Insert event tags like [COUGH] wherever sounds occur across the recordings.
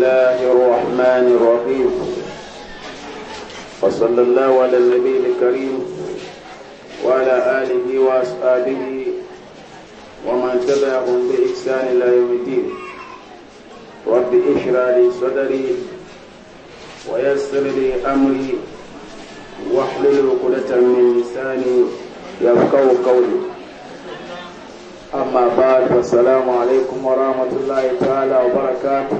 الله الرحمن الرحيم وصلى الله على النبي الكريم وعلى آله وأصحابه ومن تبعهم بإحسان إلى يوم الدين رب اشرع لي صدري ويسر لي أمري واحلل عقدة من لساني يفقه قولي أما بعد فالسلام عليكم ورحمة الله تعالى وبركاته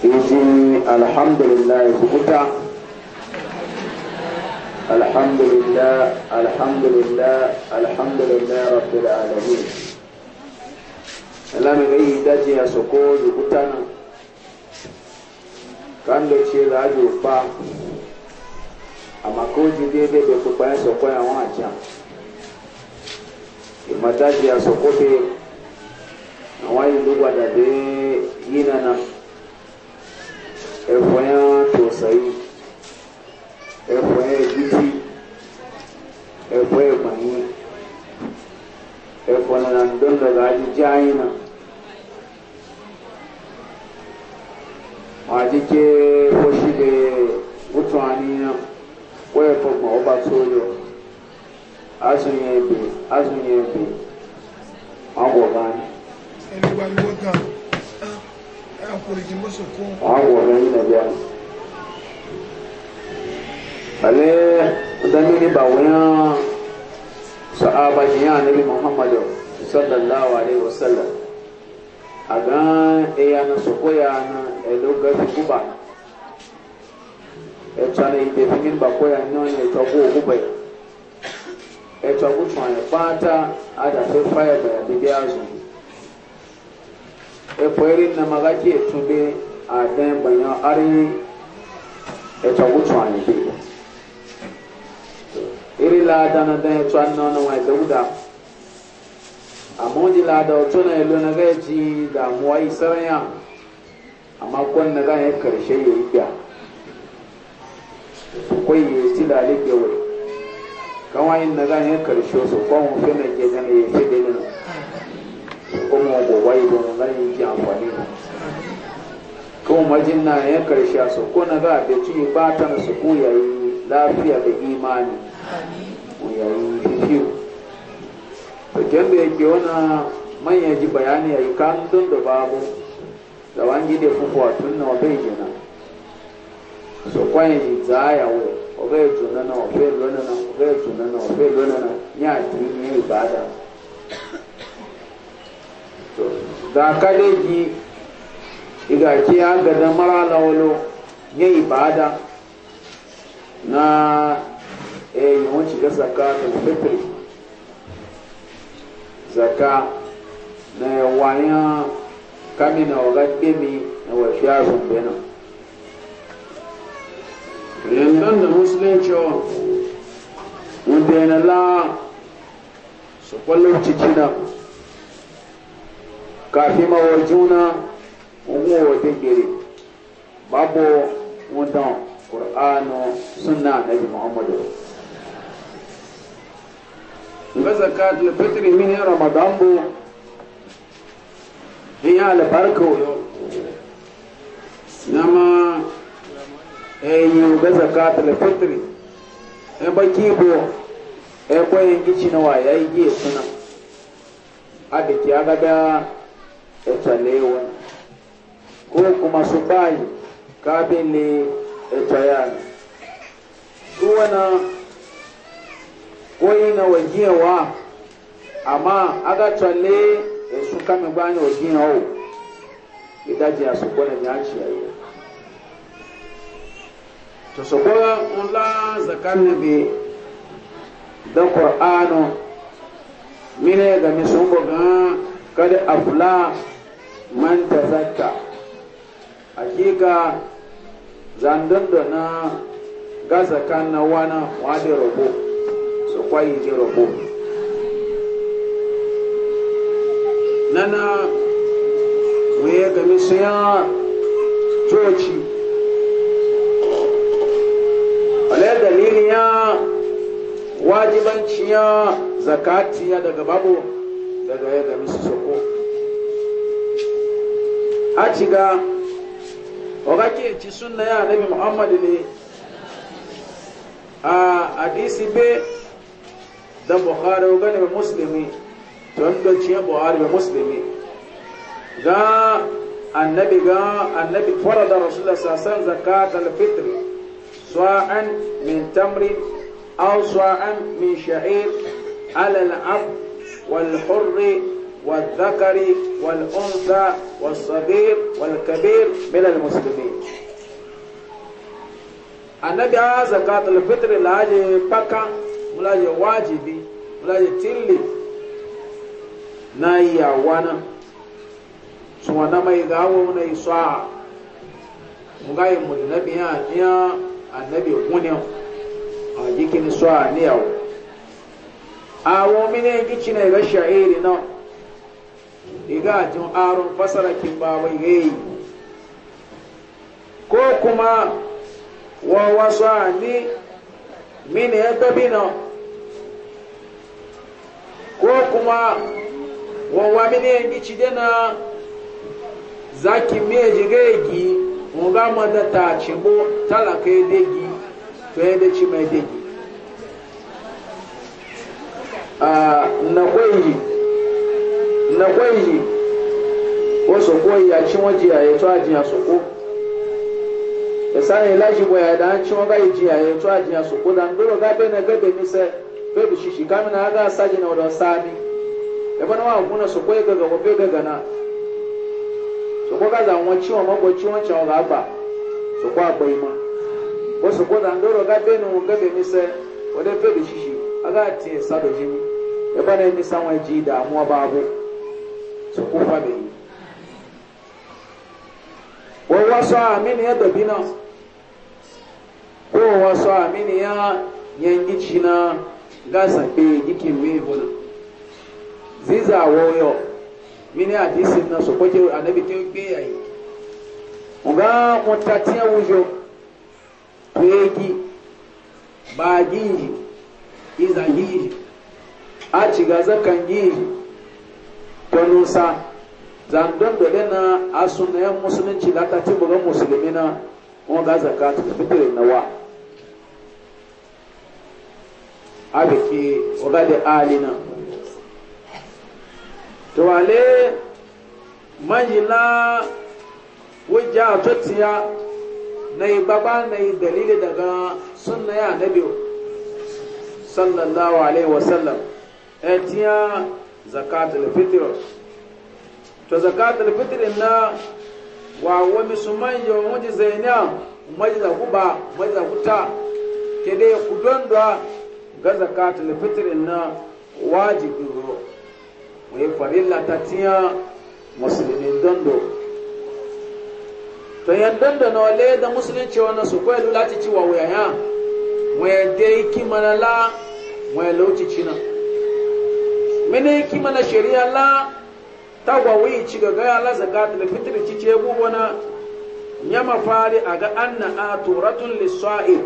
isi alhamdulillah kukuta alhamdulillah alhamdulillah alhamdulillah rabbil alamin alamin ga yi daji a soko kukuta kan da ce za a yi ofa a makoji daidai da kuka ya soko ya wa a soko te na wayin dubu da dai ya efoya tosayi efoya egidi efo egbanyi efo na ndondo ga ajije anyị na ajike foshile otu anyị na wee fọgba ọgbata ụlọ azụnye ebe azụnye ebe ọgwụ anyị akọrọjì mọ́sọ̀kọ́. àwọn ọ̀rẹ́ yìí nà ale dami ni bawunya sahaba jiyan anabi muhammadu sallallahu alaihi wasallam a gan eyana sokoyana elogafi kubana ɛtsɔna yi tɛ fimi bako ya nyɔ ne tsɔ ko oku bɛ ɛtsɔ ko tsɔ yɛ kpata ada fi fa yɛ bɛ ya bibi ekwere na magaki etube adan banyo ari eto wutu anyi iri laada na dan eto anna ona wa dauda amma ji laada oto na elo na gaji damuwa isaranya amma kwan na gan ya karshe ya yi biya kwai ya ci da alike wuri kawai na gan ya karshe su kwan wufe na ke gane ya fi dalilin kuma gobe don zan yi amfani kuma majin na ya karshe su ko na ga da ci ba ta su ko yayi lafiya da imani ko yayi fifiyu to kyan da yake wana manyan ji bayani yayi kan don da babu da wani da fufuwa tun na wabe jina so kwaye ji zaya we wabe juna na wabe lona na wabe juna na wabe lona na ya ji ne ibada da kadeji igaki ya gada mara lawalo ya bada na yawon shiga zaka da fitri zaka na wayan kami na waga gemi na wafi azun benin yandan da musulunci wanda yana la su kwallon cikin kàfi ma wọ juna wọn wọ dengere babu wọn dàn kur'anu sunna anabi muhammadu nga zaka le fitri min ya ramadan bo hin ya albarka wo nama eyi eh, nga zaka le fitri e ba kibo e ko yin gici na waya yi suna adiki agada etwalewa ko kuma su bayi kabile etwayana duwana koyi na wajiyawa amma aga twale esu kame bani wajiya o idaji a sokona ya ci ayo to sokona nla zakan bi da qur'ano mine ga misungo ga kada afla man ta zakka hakika zandon da na gasa kan na wana wani rabo su kwayi ji rabo nana wuye ga su ya coci wale dalilin ya wajibanci ya zakati ya daga babu daga ya ga su soko a ciga waga ke ci sunna ya nabi muhammadu ne a hadisi be da buhari waga ne muslimi don da ciye buhari be muslimi ga annabi ga annabi farada rasulullah sassan zakat al-fitr sa'an min tamrin aw sa'an min sha'ir ala al wal hurri wa والأنثى والصغير والكبير من المسلمين annabi a zakatul fitr la je paka mula je wajibi mula je tilli na iya wana su wana mai gawo na isa nga yi mu nabi ya ya annabi kunya a jikin ne na iga jin arun fasara kin ba wai yayi ko kuma wa wasani min ya tabina ko kuma wa wa min ya bici dena zaki ji gegi mu ga mada ta bo talaka degi to ya ci mai degi a ah, na koyi na kwayi ko soko ya ci waje ya yi tuwa jiya soko da sa ya lashi bo ya da ci waga yi jiya ya tuwa jiya soko da ndoro ga bene ga bene se be bi shishi kamina ga saji na wadon sami ya bana wa na soko ya gaga wabe gaga na soko ga za wọn ci wọn mako ci wọn ci wọn ga agba soko agba yi ma ko soko da ndoro ga bene ga bene se wadon be bi shishi aga tiye sado jimi ya bana yi nisan wa ji damuwa babu. su kufa da yi ko wasu amini ya dabi na ko wasu amini ya yanki ci na gasa ɗe yake wehu na ziza woyo mini a disin na su kwake anabi ke gbe ya yi ga mutatiyan wujo to yi ba gi yi iza gi yi a ci gaza kan gi yi ta nusa zandon da gana a sunayen musulunci da aka ci bugan musulmi na kuma ga zaka ta fitir na wa abiki waga da alina to wale manjila wujja a tutiya na yi baba na yi dalili daga sunaya na biyu sallallahu alaihi wasallam etiya zakat al-fitr to zakat al-fitr na wa wa misumai yo moje zaina moje za kuba moje za kuta kede kudondwa ga zakat al-fitr na wajibi ro we farilla tatia tiya musulmin dondo to yan dondo na wale da musulunci wana su kwelu lati ci wa waya ya wai dai kimana la wai lauci cinan mene ki mana shari'a la gwawai ci ga gaya la zakat da fitr ci ce bu wana nyama fari aga anna lissa'i lisa'il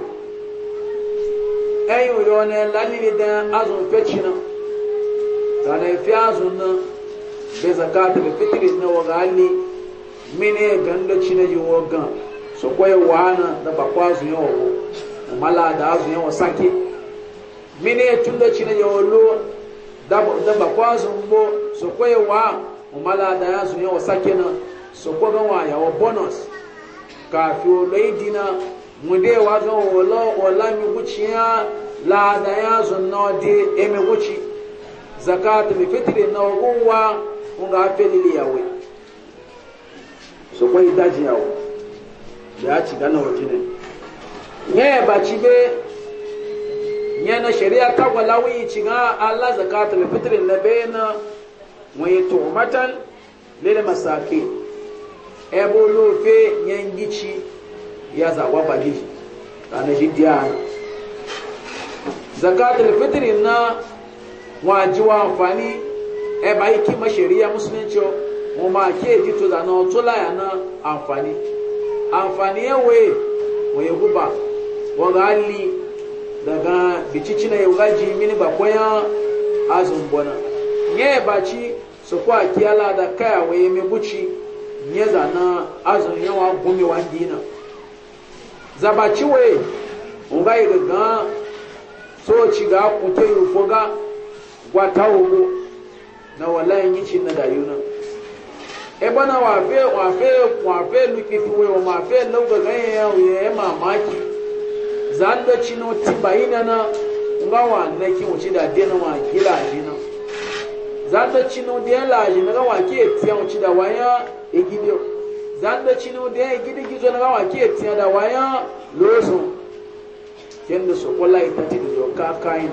ayu ne lalili da azun fecina tana fi azun na be zakat da fitr na wagali mene ganda ci na yiwo gan so koyi wana da bakwazu yawo mala da azun yawo sake mene tunda ci na yawo lo daba kwazo mbo soko ye wa umala da ya zuye wa sakena soko ga wa ya bonus ka fi o lai dina mude wa ga wala wala mi guciya la da ya zu no de e mi guci zakat mi fitri na uwa unga afeli yawe soko idaji yawo ya ci gana wajine ne ba ci be yana shari'a ta gwala wuyi ci ala Allah zakatul fitr na bayna wa yatumatan lil masaki ebo lofe yangici ya zawa bagi kana shi diya zakatul fitr na wajiwa amfani e ba yake ma shari'a musulunci mo ma ke ji to da na to la ya na amfani amfani yawe wa yaguba wa gali daga bici na yi gaji mini ba kwaya azun bona nye ba ci su kwa kiyala da kaya waye mi buci nye zana azun yawa gumi wandina zabaci waye nga yi gaga so ci ga kuke yi ga gwata ugu na wallahi yi ci na dayuna ebana wafe wafe wafe lukifi wayo mafe lauga ganyen yawon ya mamaki zan da ci no ti bayina na nga wa na ki wuci da de na wa gila la ji na zan da ci de la ji na wa ki ti an wuci da wa ya e gidi zan da ci no de e gidi gizo na wa ki ti da wa ya lozo ken da so kola ita ti do ka kain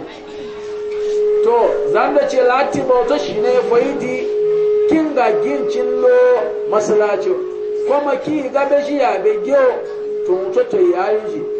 to zan da ce lati bauta shine faidi kin ga gincin lo masalacin kuma ki gabe shi ya be gyo to mutoto to yayin shi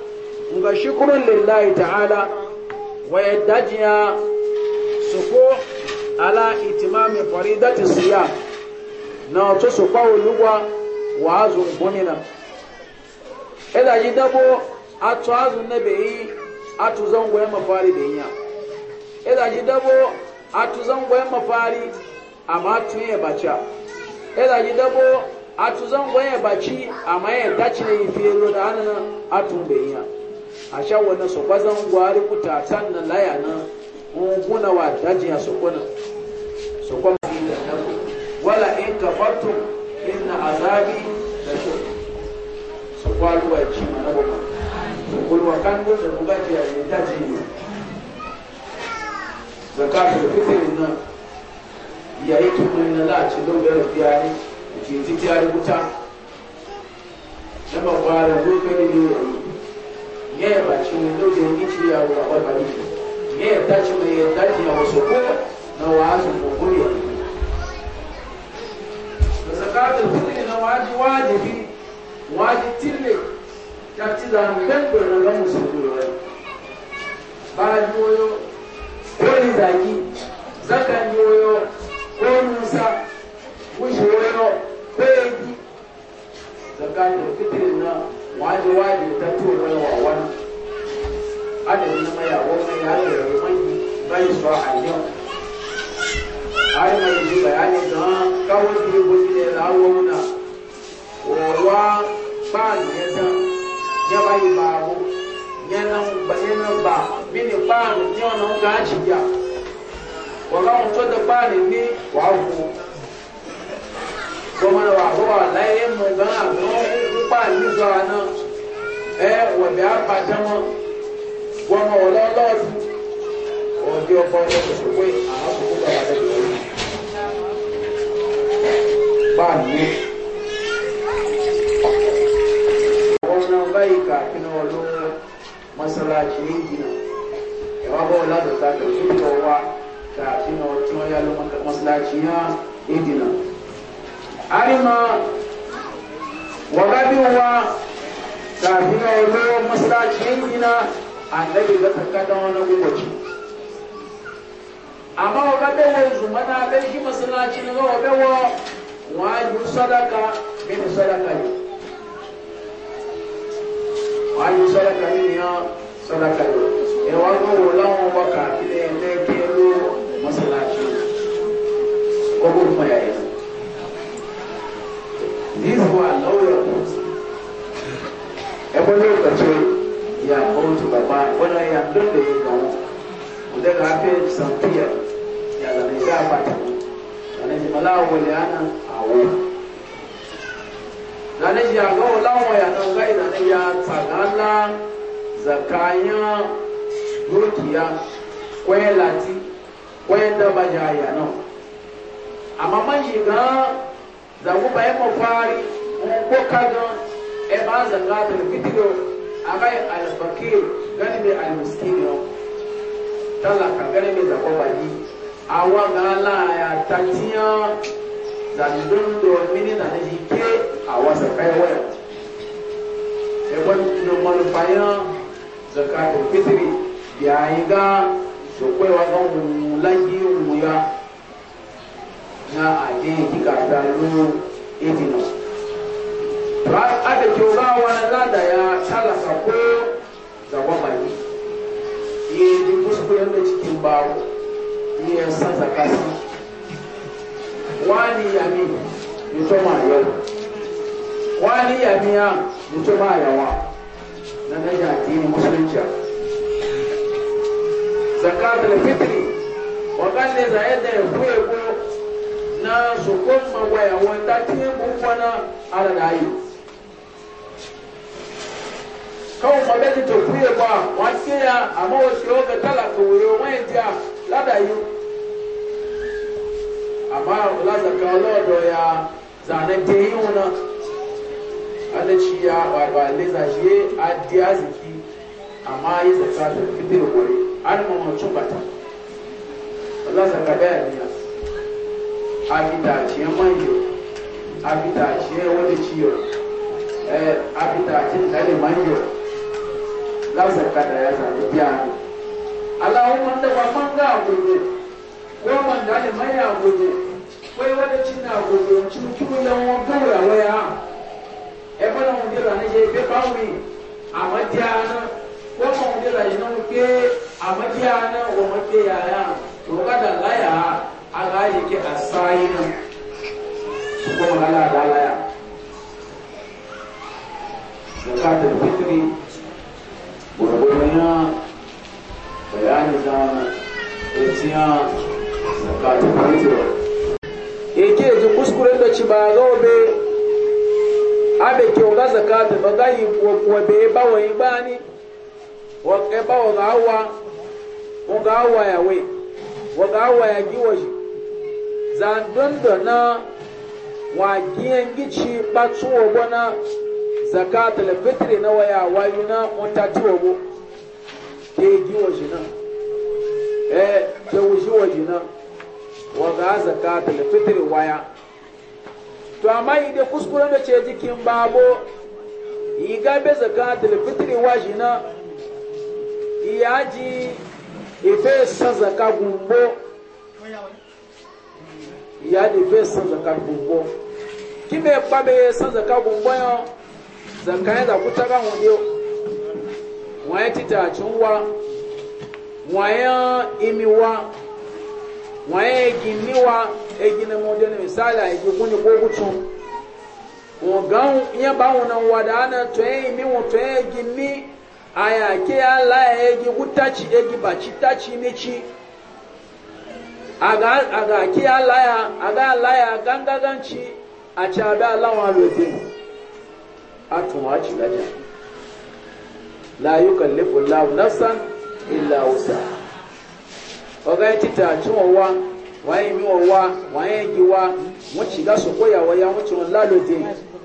nga shukurun lillahi ta'ala wa yaddajiya suko ala itimami faridati siya na wato su kwawo lugwa wa azu gomina ila yi dabo atu azu na beyi atu zango ya mafari da yiya ila yi dabo atu zango ya mafari amma tun ya bacha ila yi dabo atu zango ya baci amma ya dace ne yi fiye da hannun atun da yiya a sha wani su bazan gwari kutatan na laya na gunguna wa daji a su kuna su kuma da nan wala in ka in na azabi da shi su kwaluwa ci na goma kulwa kan gudu da bugaji a yi daji ne zakatul fitr na yayi tukunin na la'aci don ya biya ya ke ji ta rubuta na babbar rubutun ne ya yi baci ne da wajen yi ciya wa kwakwar bari ya yi dace mai wasu koya na wa'azin kokoriya da zakatun kudi na waji wajibi waji tille ta ci zanen gangon na musulmi wani ba yoyo ko ni zaki zakan yoyo ko nusa ko shi ko yanki zakani da fitirin na waje waje ta tura wa wani adadin na maya wani ya yi rarraman bai su a yau yi mai ji bayani don kawai su yi gudu ne da hawa muna wawa ba ne ta ya bai ba abu yanan ba yanan ba mini ba ne yau na ga shi ya wa ga mutu da ba ne ne wa ku gbọmọdé wà fọwọ́ láyé mọ̀ gan àná púpà nígbà náà ẹ wọ̀bẹ̀ àbàdánmọ́ gbọmọ ọlọ́lọ́ọ̀dù ọ̀dẹ ọkọ ọlọ́dún pé àwọn àkókò bàbá rẹ̀ lọ́wọ́ a arima wagaduwa kafin na yalo a yankina annabi ta takkada wani gubaci amma wagaduwa zuma na ɗan shi masalaci na ga wagaduwa waju sadaka min sadaka ne waju sadaka min ya sadaka ne ya wago wulawon baka eh, ne ne kero masalaci ko gurma yi. This one, lawyer knows. Every look you are going to my mind. When I am doing the income, would then happen some fear. Yeah, that is that part. And if Malawi will ana, I will. Nane ya ga lawo ya nan gai nane ya tsagala zakanya dukiya kwelati kwenda bajaya no amma man shiga zangu ba yi mafari ko kaga e ba zanga da fitiyo a kai alfakir gani mai almiskin yau talaka gani mai zaɓo baki a wanga laya ta tiya zandun domin na jike a wasa kai e wani manufayan zakatul fitri yayin ga su kwaiwa ga wuya na aje kika ta lu idina ra ada kyoba wani lada ya talaka ko zaba mai yi ji kuskuren da cikin bawo ni ya san zakasi wani yami mutoma yau wani yamiya mutoma yawa na naja addinin musulunci zakatul fitri wa kan ne za yadda ya kuye kuye na sokon mawaya wanda tiye bukwana ala da yi kawo mabɛti to kuye bɔ a wɔahyɛ ya ama wɔhyɛ wɔ bɛta la kowere wɔn edi a lada yi ama lazaka ɔlɔdɔ ya zane deyi wɔn na ana kyi ya waba leza a adi aziki ama yi zaka fitiri wɔre ana mɔmɔ tso bata lazaka bɛyɛ nina. a gidace manjo a gidace wani ciyo eh, a gidace tsari manjo za kada ya zaɓi biya ne alawun ba man ga gobe ko man da ne mai a kai wani cin na gobe cin tuyan wani gaura waya e bana mun dira ne je be bawi amadiana ko mun dira ne mun ke amadiana o mun ke yaya to kada laya ala yake a sayina su kuma ala dalaya zakatul fitri gurgurna bayani zama etiya zakatul fitri yake e, ji kuskuren da ci ba zobe abe ke wula zakatul ba yi kuwa be bawai bani wa ke bawa ga hawa ga hawa yawe wa ga hawa ya giwa shi zandondo na wa giyan ba ɓatsu na zakatul fitri na waya wayu na mutati ke gi waje na eh ke wuji waje na wa ga zakatul fitri waya to amma de kuskure da ce jikin babo yi gabe zakatul fitri waje na iyaji ife sa zaka gumbo ya de fe san zaka gbogbo ki me pa be san zaka gbogbo yo zaka ya da kutaka won yo won ya tita chunwa won ya imiwa won ya giniwa egina mo de misali ay gukuni ko gutun won gan ya ba won nan wada na to e mi won to e gini aya ke ala e gi gutachi e gi bachi tachi ni chi aga ki alaya aga alaya gangaganci a ci abe alawa lobe a tuma ci laja la yi kallifu lawu nafsan illa wusa ọgá yẹn títà tí wọn wá wọn yẹn mi wọn wá wọn yẹn gi wá wọn ci ga sọkó yàwó ya wọn ci wọn lálòdì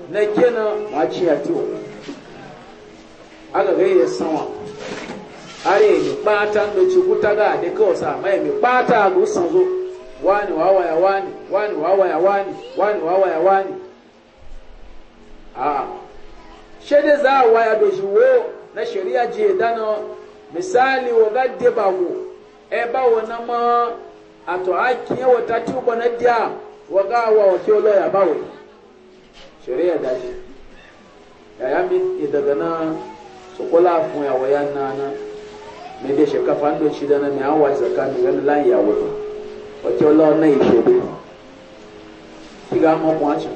na gé na wọn ci àti wọn agàgà yẹ sanwó. are mi kpata ndo ci gutaga de ko sa mai mi kpata go sanzo wani wawa ya wani wani wawa ya wani wani wawa ya wani a shede za waya ya do jiwo na sharia ji dano misali wo ga de bawo e bawo na ma ato aki ya wata ti ubo na dia wa ga wa o ti oloya bawo sharia daji yaya mi idagana sokola fun ya waya na na. me de sheka fando shi dana me awa zaka ni wani lan ya wato wace Allah na ishe be kiga mu kwaci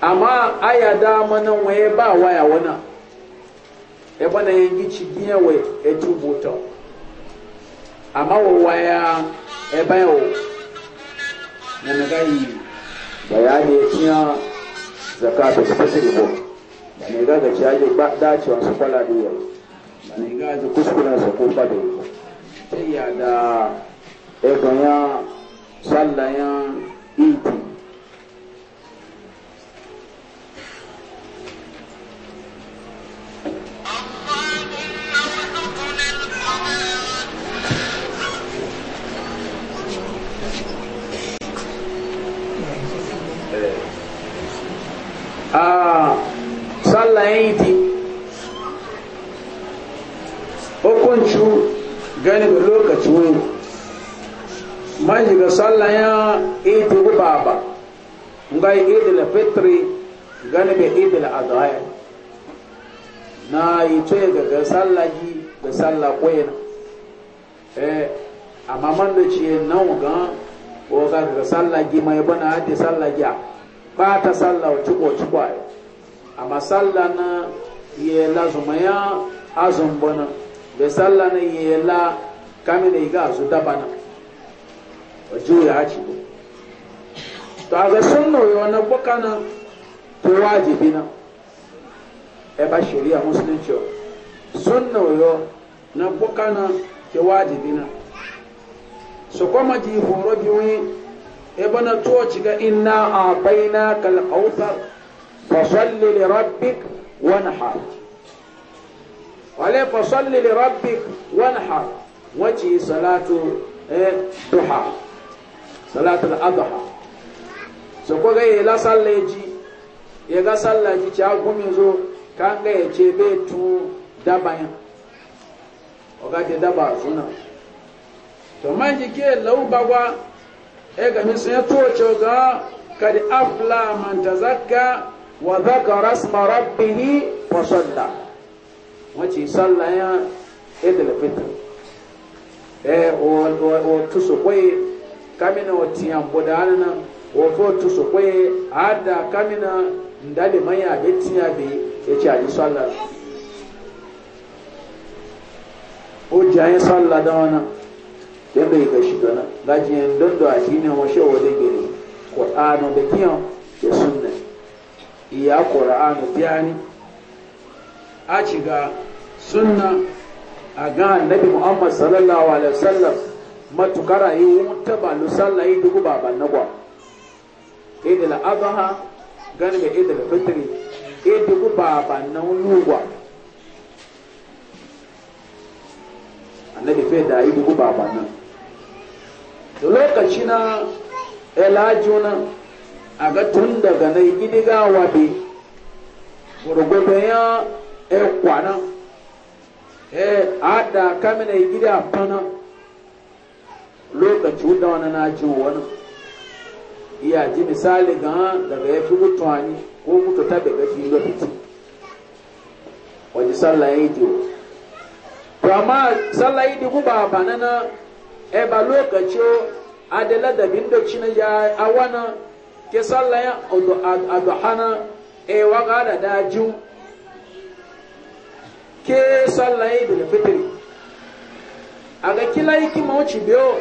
amma aya da ma mana waye ba wa waya wana e bana yangi ci giya we e tu tubuta amma wa waya e ba bayo na nagai bayani ya ciya zakatu fitri ko da ne ga ga ciya ba dacewa su kwala diyar riga kuskuren sa ko ba da yi sai ya da ebonya eh, sallayan iti bayani da lokaci wani man shiga sallah ya idi guba baba nga yi da fitri gani bai idi da adhaya na yi ce ga ga sallah ji ga sallah koyana eh amma man da ce nan ga ko ga ga sallah ji mai bana hadi sallah ji ba ta sallah ci ko ci ko amma sallah na ye lazumaya azum bana da sallah na ye la kame da iga su daba na a juya haci to a ga sunna yi wani buka na to wajibi na e ba shari'a musulunci sunna yi na buka na ke wajibi na su kuma ji horo biyu e bana to ci ga ina a baina kalkautar fasalli li rabbik wani har wale fasalli li rabbik wani har wace salatu duha salatul adha so ko ga yi sallaji ya ga sallaji ci agumi zo kan ga yace be tu daban o ga de daba suna to man ji ke laubagwa e ga min sai to ce ga kad afla man tazakka wa dhakara isma rabbih wa salla wace sallaya idil e fitr eh o o o kamina o tiyan bodana na o fo tusu kwe ada kamina ndale maya be tiya be e ci aji salla o jaye salla da wana ke bai ga shi dana gajiyan don da addini wa shewa da gere qur'anu da kiyan da sunna iya qur'anu biyani a ci ga sunna a ga annabi muhammad sallallahu alaihi wasallam matukara yi wuta ba lu yi dugu baban na gwa idil adha gani me idil fitri yi dugu baban na lugwa annabi fe da yi dugu baban na da lokaci na elajuna a ga tun daga na gidigawa bi gurgudun ya ekwanan eh ada kamina gidi a fana lokaci da wani na jin wani iya ji misali ga daga ya fi mutuwani ko mutu ta daga fi ga wani wajen sallah ya yi to amma sallah ya yi ku ba bana na adela ba lokaci adala da ya awana ke sallah ya adu hana e waga da dajin ke sallah idul fitri aga kila yiki mo chibiyo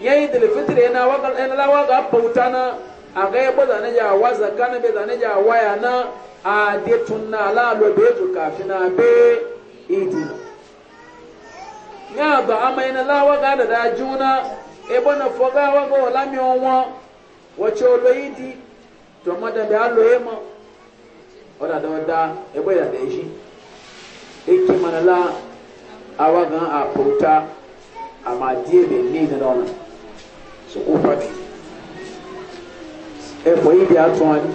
ya idul fitri yana waga yana lawa ga pauta na aga ya boda na ja waza kana be da na ja waya na a de tunna la lo be to kafina be idi ya ba amaina lawa ga da da juna e bona foga waga wala mi onwo wacho lo idi to mada be alo ema oda da da e boya da shi eke mana la awa gan a kota ama die be ni na dɔn e na so ko fa bi e fɔ yi bi a tɔn ani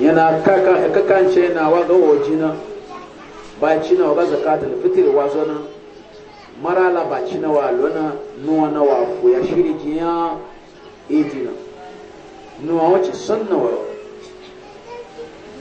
yana kaka kaka nkyɛn na awa gan wɔ gyina bakyi na ɔga zakata na fitiri wa zɔ na mara la bakyi na wa lɔ na noa na wa fo ya shiri gyina edi na noa wɔn kye sɔn na wɔ.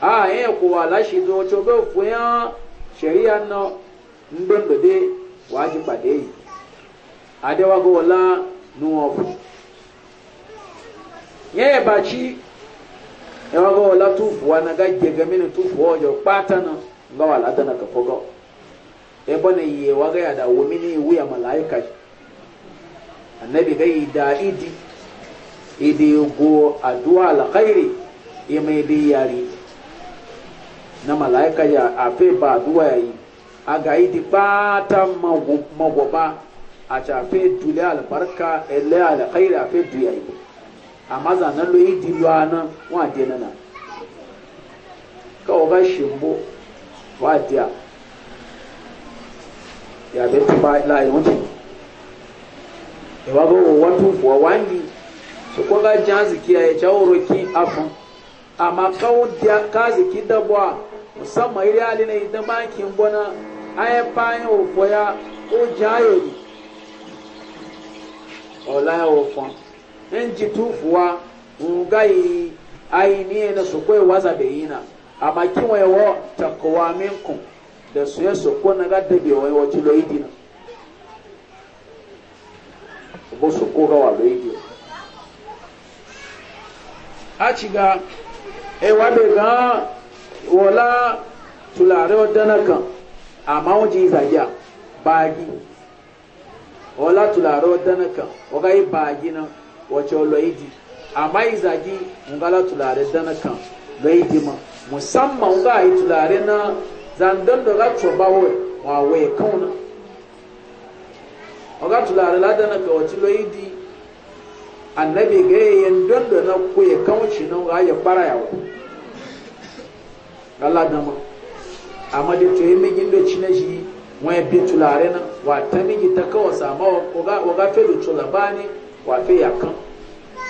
a yin e, kowa lashi zo co ga fuyan shari'a na ndon da dai waji pàdé yìí adewa ga wala nuwa ku yaya e baci yawa e ga wala tufuwa na ga gege mini tufuwa wajen kpata na ga wala dana ka fogo ebe na iye wa ga yada wo mini iwu ya malaika annabi ga yi da idi idi go addu'a alkhairi ya mai yari na malaika ya afe ba duwa yi a ga yi di bata magwaba a shafe tule albarka ele alkhairi afe duya yi amma zanen lo yi di luwa wa de nana ka oga shimbo wa diya ya be tuba layi wuce ìwà bó wọ́n tún fọ́ wá ní sukun ga jansi kiyaye cawuro ki afun amma kawun kazi ki dabwa musamman iri ali na idan bankin gona ayi fayin ofo ya o ji ni ọla ya ofo n ji tufuwa nga yi ayi niile na soko yi waza na amma kiwa yawo takowa minku da su ya soko na gada bi wani wacce lo idi na bo soko ga wa a ci ga ewa bai gan wala tulare wadana kan amma wajen zagiya bagi wala tulare wadana kan waga yi bagi nan wace loidi amma yi zagi ngala tulare dana kan loidi ma musamman ga yi tulare na zandon da ga coba wa waye kauna ga tulare la dana kan wace loidi annabi ga yayin don da na kuye kaunci nan ga ya fara yawa gala dama amma da to yi migin da ci na shi wa ta migi ta ma sama wa ga fe da wa fe ya kan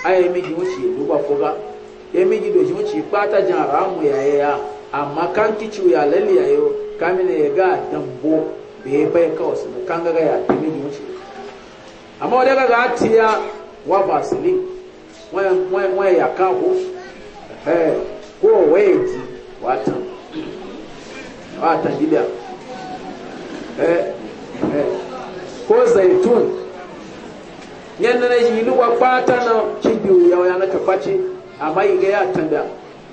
a yi migi wuce ya duba fuga ya migi da shi wuce bata jan ramu ya yi ya amma kan kici ya lalle ya yi kamina ya ga dambo bai bai kawo su da kan gaga ya ta migi wuce amma wadda ga ga tiya wa vaseline wani ya kan ko eh, ko waye ji watan watan gida eh, eh. ko zaitun yadda na yi ni wa kwata na kibiyu yau ya naka kwace amma yi ga ya tanda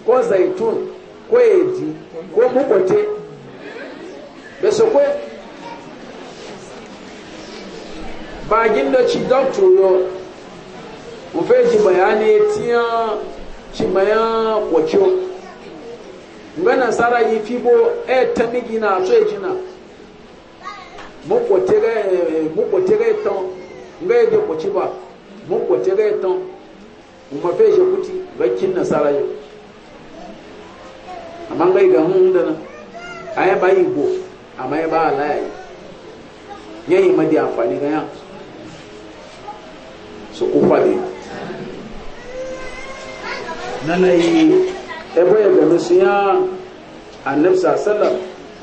ko zaitun ko yaji ko mukote da su ko bagin da ci doctor yo mu fe ji bayani tiyan ci mayan kwaciyo nga nasara yi fibo e tamigi na so ejina moko tege e, moko tege ton nga ede ko chiba moko tege ton uma feje kuti ga kin nasara yo amma ngai e ga hun dana aya ba igbo amma ya ba ala yi yayi madi amfani ga so ko fade nanayi ebe ya gami su ya annab sasallam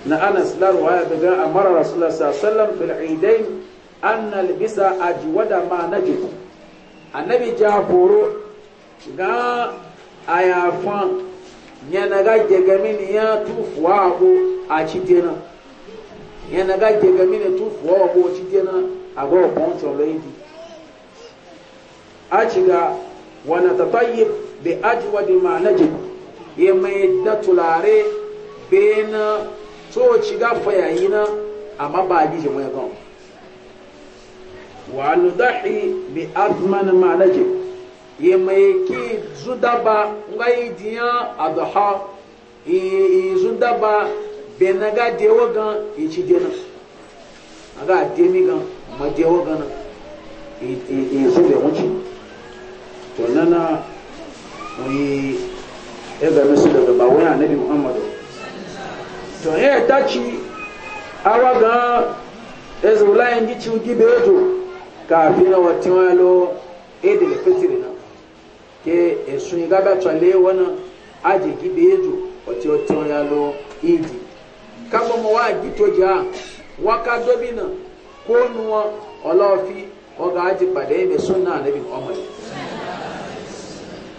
na anas la ya daga amara rasulullah sallam fil idain an nalbisa ajwada ma jiku annabi ja horo ga ayafan yanaga gegami ne ya tufuwa abu a na yanaga gegami ne tufuwa abu a na a ga ọkwan tsoro idi a ci ga wani tatayi da ajiwa da ma na jiku. ya mai da tulare be na tsoci gafa yayi na amma ba a gije mai gan wa nudahi bi azman malajin ya mai ki zudaba ngai diya adha i zudaba be na ga dewa gan i ci dena aga demi gan ma dewa gan i i zube wuce to nana ebe na sida da bawon annabi muhammadu to ya e ta ci awa ga ezula yin ji ciwo gibe ejo kafin na wata wani edele fitiri na ke esu yi gaba tsale wani aji gibe ejo wata wata wani lo idi e kaba mu wa gito ja waka dobi na ko nuwa ọlọfi ọga aji pàdé ebe sunna annabi muhammadu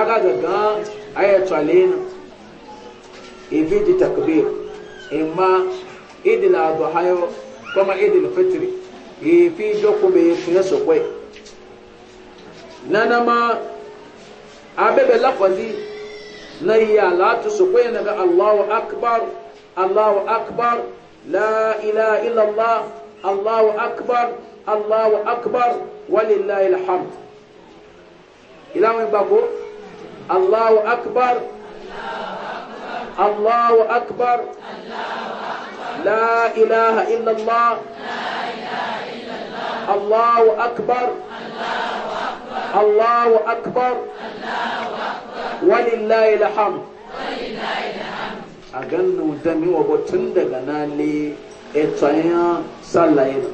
أغادا دا أي تالين إيدي تكبير إما إيدي لا دوهايو كما إيدي الفتري إي في دوكو بي فينسو كوي نانما أبيبي لفظي نيا لا تسوكوي نبي الله أكبر الله أكبر لا إله إلا الله الله أكبر الله أكبر ولله الحمد إلى أين بقول الله أكبر الله أكبر الله أكبر لا إله إلا الله لا إله إلا الله الله أكبر الله أكبر الله أكبر ولله الحمد wa أجن ودمي وبتند جنالي إتايا سلاين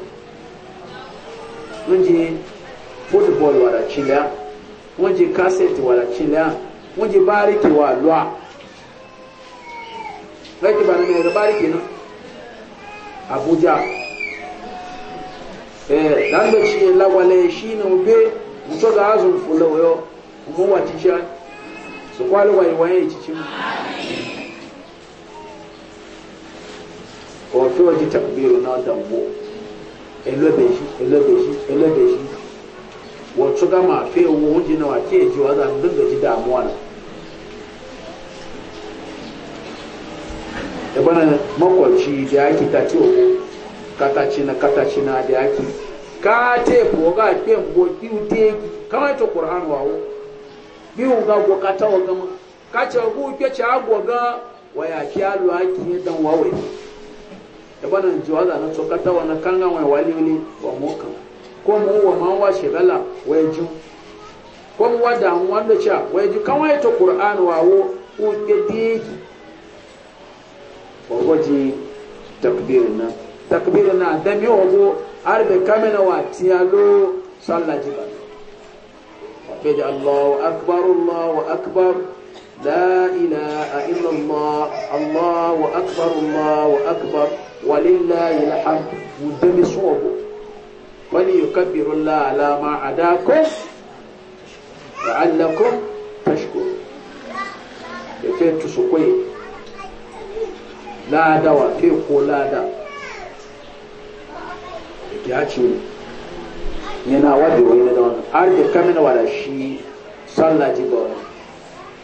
نجي فوتبول ولا تشيليا wọ́n jí kásẹ̀tì wà lákìlẹ̀ à wọ́n jí báríkì wà lọ́à lẹ́kì bá nínú ẹ̀rọ báríkì náà abuja ẹ̀ lágbèjì láwalẹ̀ ṣí ni wọ́n gbé mùsọ́gà azùn fúnlẹ̀ wọ́yọ́ mú wà jíjá sọ̀kwálẹ̀ wà ìwà yẹn ìjìjì mu. ọ̀fẹ́ wọ́n jí tàbí ìrù náà shi, ẹlẹ́bẹ̀ẹ́sì ẹlẹ́bẹ̀ẹ́sì wato gama fe wuji na wake ji wa zan dinga ji damuwa na ya bana makwanci da yaki ta ce ogo kataci na kataci na da yaki ka te ko ga ke go kiu te kawai to qur'an wawo biyu ga go kata wa gama ka ce go ke ci agwo ga ya ki alu aki dan wawe da bana ji wa zan to kata wa na kanga wai wali ne wa mokan ko mu wa man wa shigala wai ji. ko mu wa damu wanda cha wai ji. kan wai ta qur'an wa wo ko ke diji ko goji takbir na takbir na da mi o go arbe kamena wa tialo sallaji ba be da allahu akbar allahu akbar لا إله إلا الله الله أكبر الله أكبر ولله الحمد ودم صوبه wani yukabbirun la'alama a da la'allakon tashko da fe tusukwai lada wa fe ko lada da ya ce yana wadda wani da wani har da kamina wada shi sallaji ba wani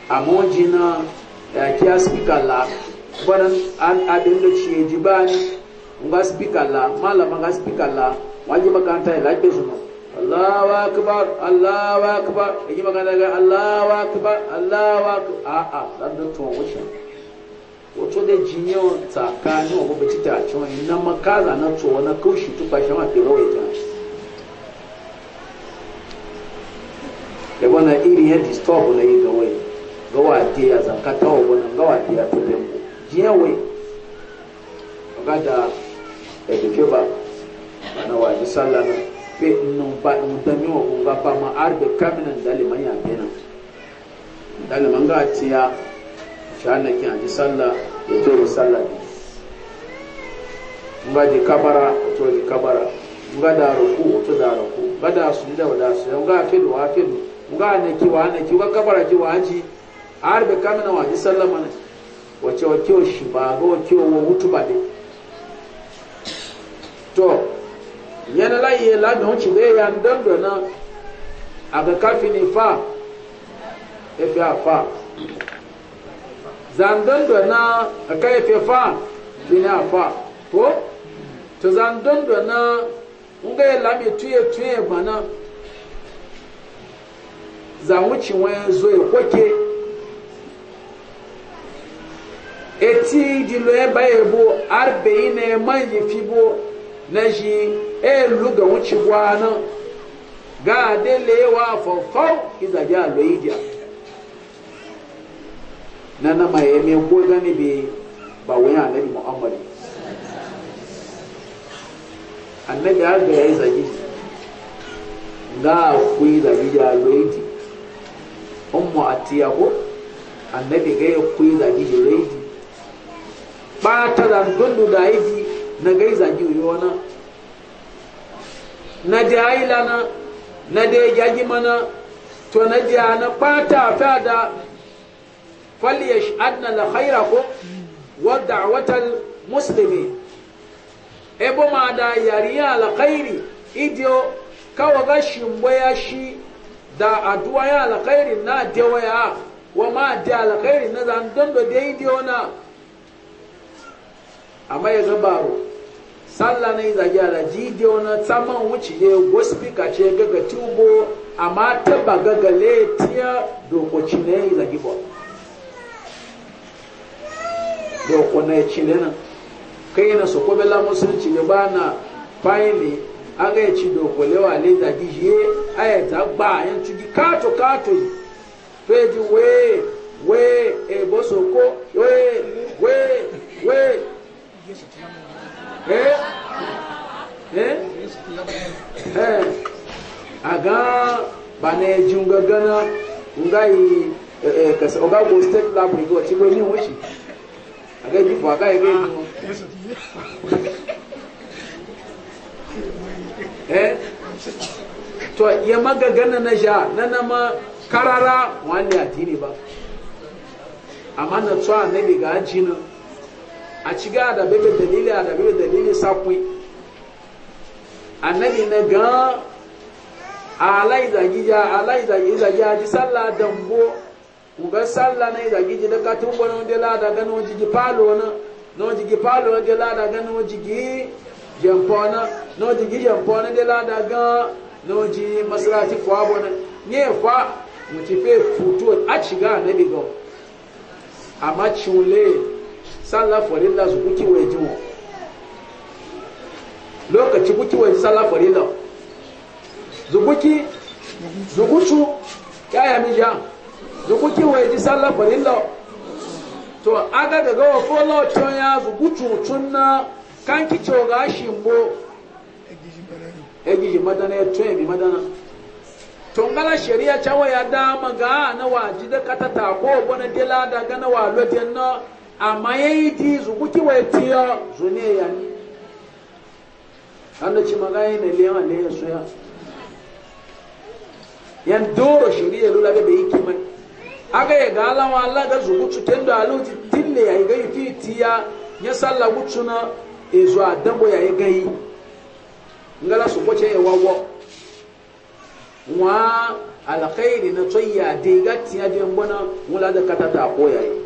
amma jina ya kiya spika la banan an abin da ci ya ji ba ni ga spika la malama ga spika la wani makaranta ya laƙe su Allahu akbar Allahu akbar yi magana ga Allahu akbar Allahu akbar ah, ah, a a dan da to wuce wato da jinyo tsakanin wa bace ta cewa nan makaza na to na kaushi tuba shi ma fi rawaita da wannan iri ya disturb na yi gawai gawa te ya zakata wa wani, gawa te ya tabe mu jiya wai ga da da ba na waji sallah na pe nun ba nun da mi wa ga ba ma ar da kaminan da liman ya bena da liman ga tiya shana kin aji sallah ya to sallah nga di kabara to di kabara nga da ruku to da ruku nga da su da da su nga fi do wa fi do nga ne ki wa ne ki wa kabara ki wa ji har be kamina wa ji sallama ne wace wa kiyo shi ba ga wa kiyo wa hutu ba dai to yana la ye la don ci ya ndan do na aga kafini fa e fi afa zandan do na aka e fi fa fini afa ko to zandan do na nga ye la mi tuye tuye bana za wuci wen zo e koke eti di lo e ba e bo arbe ina e manji fi bo na shi elu ga wuce gwana ga delewa fafau izagi aloidia na na mai eme ko gani bi ba wani annabi muhammad annabi har ga yayi zagi ga ku zagi ya loidi ummu atiya ko annabi ga ya ku zagi loidi ba ta da dundu da yi na gai zagi yona na da aila na na da yagi mana to na da na fata fada falyashadna la khaira ko wa da'watal musulmi. ebo ma da yariya la khairi idio wa shimbo ya shi da aduwa ya la khairi na dewa ya wa ma da la khairi na zan dondo de idio na amma ya baro sallah ne zage ala jide wani tsaman wuce ne gospika ce gaga tubo amma ta ba gaga letiya dokoci ne zage ba doko na cile nan kai na so kobe la musulunci ne ba na faili aga ga ci doko lewa le zage je aya ta gba yan tugi kato kato feji we we ebo soko we we we eh eh eh aga bana eh, eh kasa oga go state lab ni go chibo ni wuci aga ji fo aga ege eh to ya magagana na ja na ma karara wani addini ba amma na tsawa ne ga ajina a ci ga da bebe dalili a da bebe dalili sakwai annabi na gan alai zagi ya alai zagi zagi a ji salla dambo uga salla na zagi ji da katun gwanon da lada gani wajen jigi palo na na wajen jigi palo na da lada gani wajen jigi jampona na wajen jigi na de lada gan na wajen masarati kwa bona ne fa mu ci fe futu a ci ga annabi gan amma ciwule sallah farilla su kuki wai jiwo lokaci kuki wai sallah farilla zuguki zugucu kaya mi ja zuguki wai ji sallah farilla to aga ga gawa folo tonya zugucu na kan ki coga shimbo egiji madana ya tun ebi madana tongala shari'a cawa ya dama ga na waji da katata ko wani dila daga na walotin na amma ya yi ti zukuki ya tiya zune ya ni an ci magayi na lewa ne ya soya yan doro shiri ya lula bai yi kimai aga ya ga alawa ala ga zukutu tun da aluti tinne ya yi gayi fi tiya ya salla gutu na ezu a dambo ya yi gayi ngala su kwace ya wawo wa alkhairi na tsoyi ya dai ga tiya dai mbona wula da katata ko yayi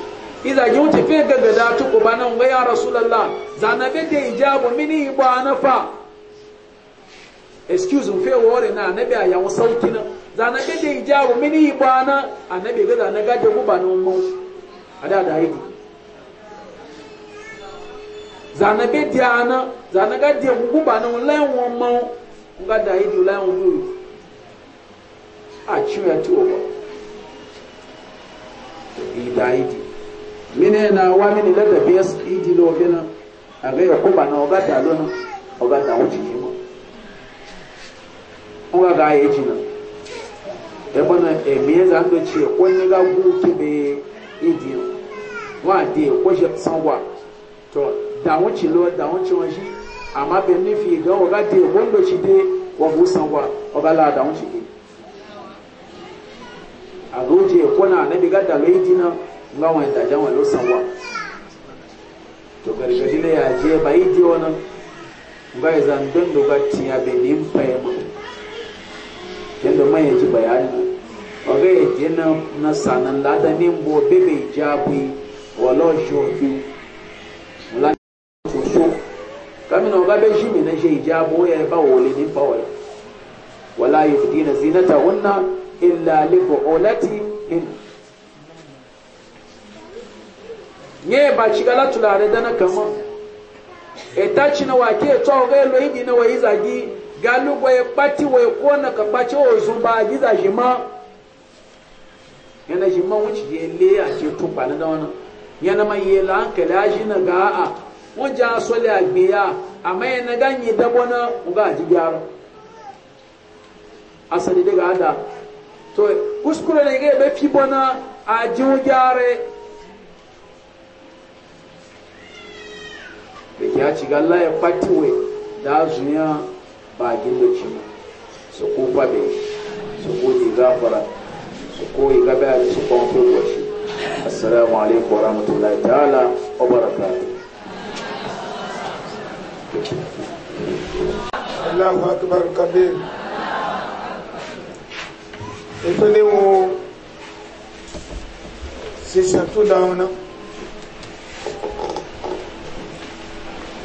iza gi wuce fe gaga da tuku ba nan ga ya rasulullah zana be da ijabu mini ba na fa excuse me fe wore na annabi a yawo sauki na zana be da ijabu mini ba na annabi ga zana gaje ku ba nan mu ada da yi zana be da ana zana gaje ku ba nan lan won mu ga da yi lan won duru a ciwo ya tuwa ba mine na wa mini lada biyas idi lo bina a ga ya kuma na oga ta lona oga ta wuce ki ma oga ga ya ji na da bana e me za ndo ce ko ni ga gu ki be wa de ko je sanwa to da wuce lo da wuce wa shi amma be ni fi ga oga de wando shi de wa bu sanwa oga la da wuce ki a ga wuce ko na na bi da ga idi na ngawon ìtajà wani ló san wa to gargadi na ya je ba yi ji wani ba yi zandon da ga tiya bai ne faye ba yadda man ya ji bayani ba ga ya je na na lada ladanin bo bebe jabi wala shofi wala shoso kami na ga bai shi mai na shi jabo ya ba wale ni wala wale wala dina zinata wannan illa li olati in nye ba ci gala tulare da na kama e ta ci na wake to ga lo idi na wai zagi galu go e pati wai ko na ka pati o zun ba gi za jima yana jima wuci ye le a ce to pa na dawana yana ma ye la an a ji na ga a won a gbe ya, a ma yana ga ni da bona u ga ji gyaro asali daga ada to kuskure ne ga be fi bona a ji gyare ya ci galla ya fatiwe da zuniya bagin da ci su ko fabe su ko ji gafara su ko yi gaba da su kwan fulwashi assalamu alaikum wa rahmatullahi ta'ala wa barakatuh Allahu akbar kabir ìpínlẹ̀ wo ṣiṣẹ́ tó dáhùn náà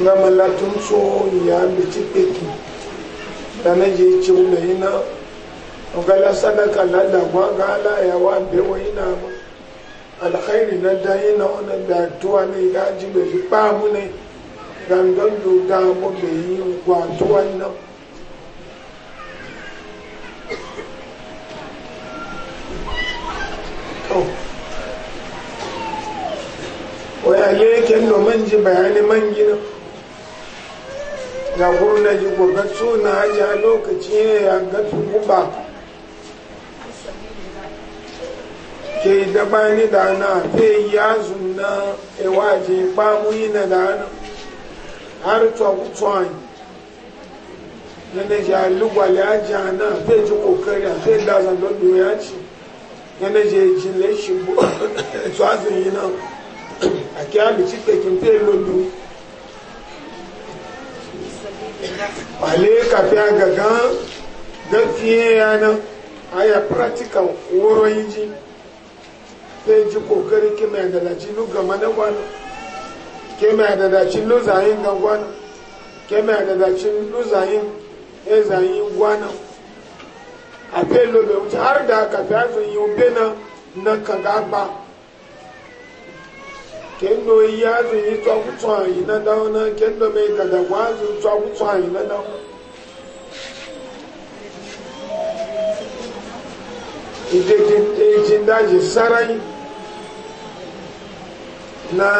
ngama latun so ya mbici peki na je ciwna ina ogala sadaka la dagwa gala ya wa yi na ma alkhairi na da na wani da tuwa ne ga ji be ji pa mu ne don du da mo be yi kwa tuwa ina waya oh. yake no manji bayani man gina ya gurna ji gobe suna haja lokaci ya ga guba ke daba ni da na fe ya zunna ewa je bamu yi na da na har tsohon yana ji alugwale aja na fe ji kokari a fe da zan lodo ya ci na ji jile shi bu [COUGHS] tsohon yi na a kya da cikin fe lodo ale kafin a gagan gafiye yana a ya practical woro yi ji sai ji kokari ke mai adalaci lu gama na gwano ke mai adalaci lu zayin ga gwano ke mai adalaci lu zayin ya e zayin gwano a fe lobe wuce har da kafin a zun yi obe na na kaga ba kendo yi azụ yi tswa kutsu anyị na dawo na kendo mee kada kwa azu tswa kutsu anyị na dawo ite ejin sara anyị na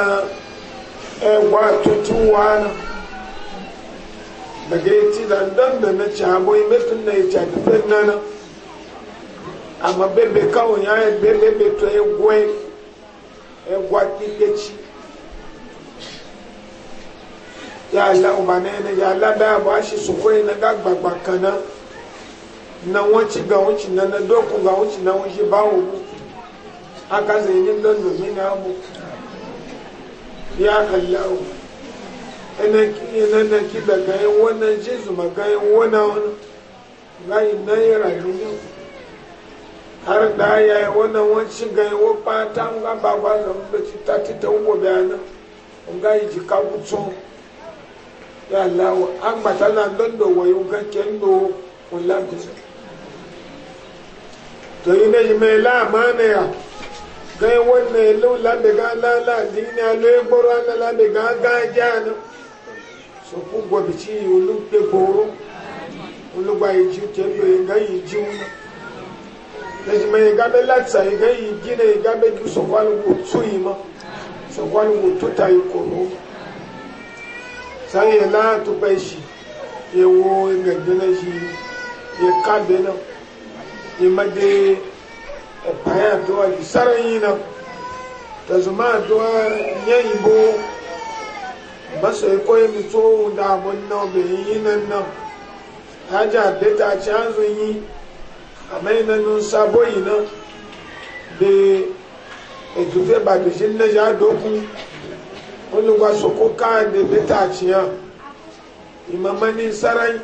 egwa tutun wana daga eti da dan da na ci abo yi metin na ya ci nana amma bebe kawai ya yi bebe to ya gwai egwa kikechi ya la ubanene ya la da ba shi su koyi na ga gbagba kana na wanci ga wanci na na doku ga wanci na wanci ba wu aka zai ni don domin na mu ya allahu ina na ki da gayen wannan jesu ma gayen wannan gayin na yi rayu har da ya yi wannan wancin ga yi wofa ta nga ba ba na mbe ci ta ti ta wo ana nga yi ji ka wuto ya lawo an na ndondo yi ga kendo wala bi to yi ne yi me la ya ga yi wannan lu la be ga la la e boro ana la ga ga na so ku go bi ci yi ulu pe boro ulu ba yi ji kendo yi ga yi ji lẹ́yìn mẹ́yìn gábé láti àyíká yìí gíre gábé ju sọ̀kwánugbò tó yìí mọ́ sọ̀kwánugbò tó ta ikò ló sáyẹn láàtú bẹ́ẹ̀ ṣì yẹ wo ẹgbẹ̀gbẹ́ náà ṣì yẹ káàbẹ̀ náà yẹ mẹ́dẹ́ ẹ̀pà yẹn àdúrà yìí sára yìí náà tẹ̀sùmá àdúrà yẹ ìbò bàṣẹ ẹ̀kọ́ yẹn tó dààmú náà bẹ̀yìn yìí náà náà ajá àbẹ́ta àti àzọ yìí. amai na nun sabo yi na be etufe ba da shi na ya doku wani kwa soko ka de be ta ciya imama ni sarai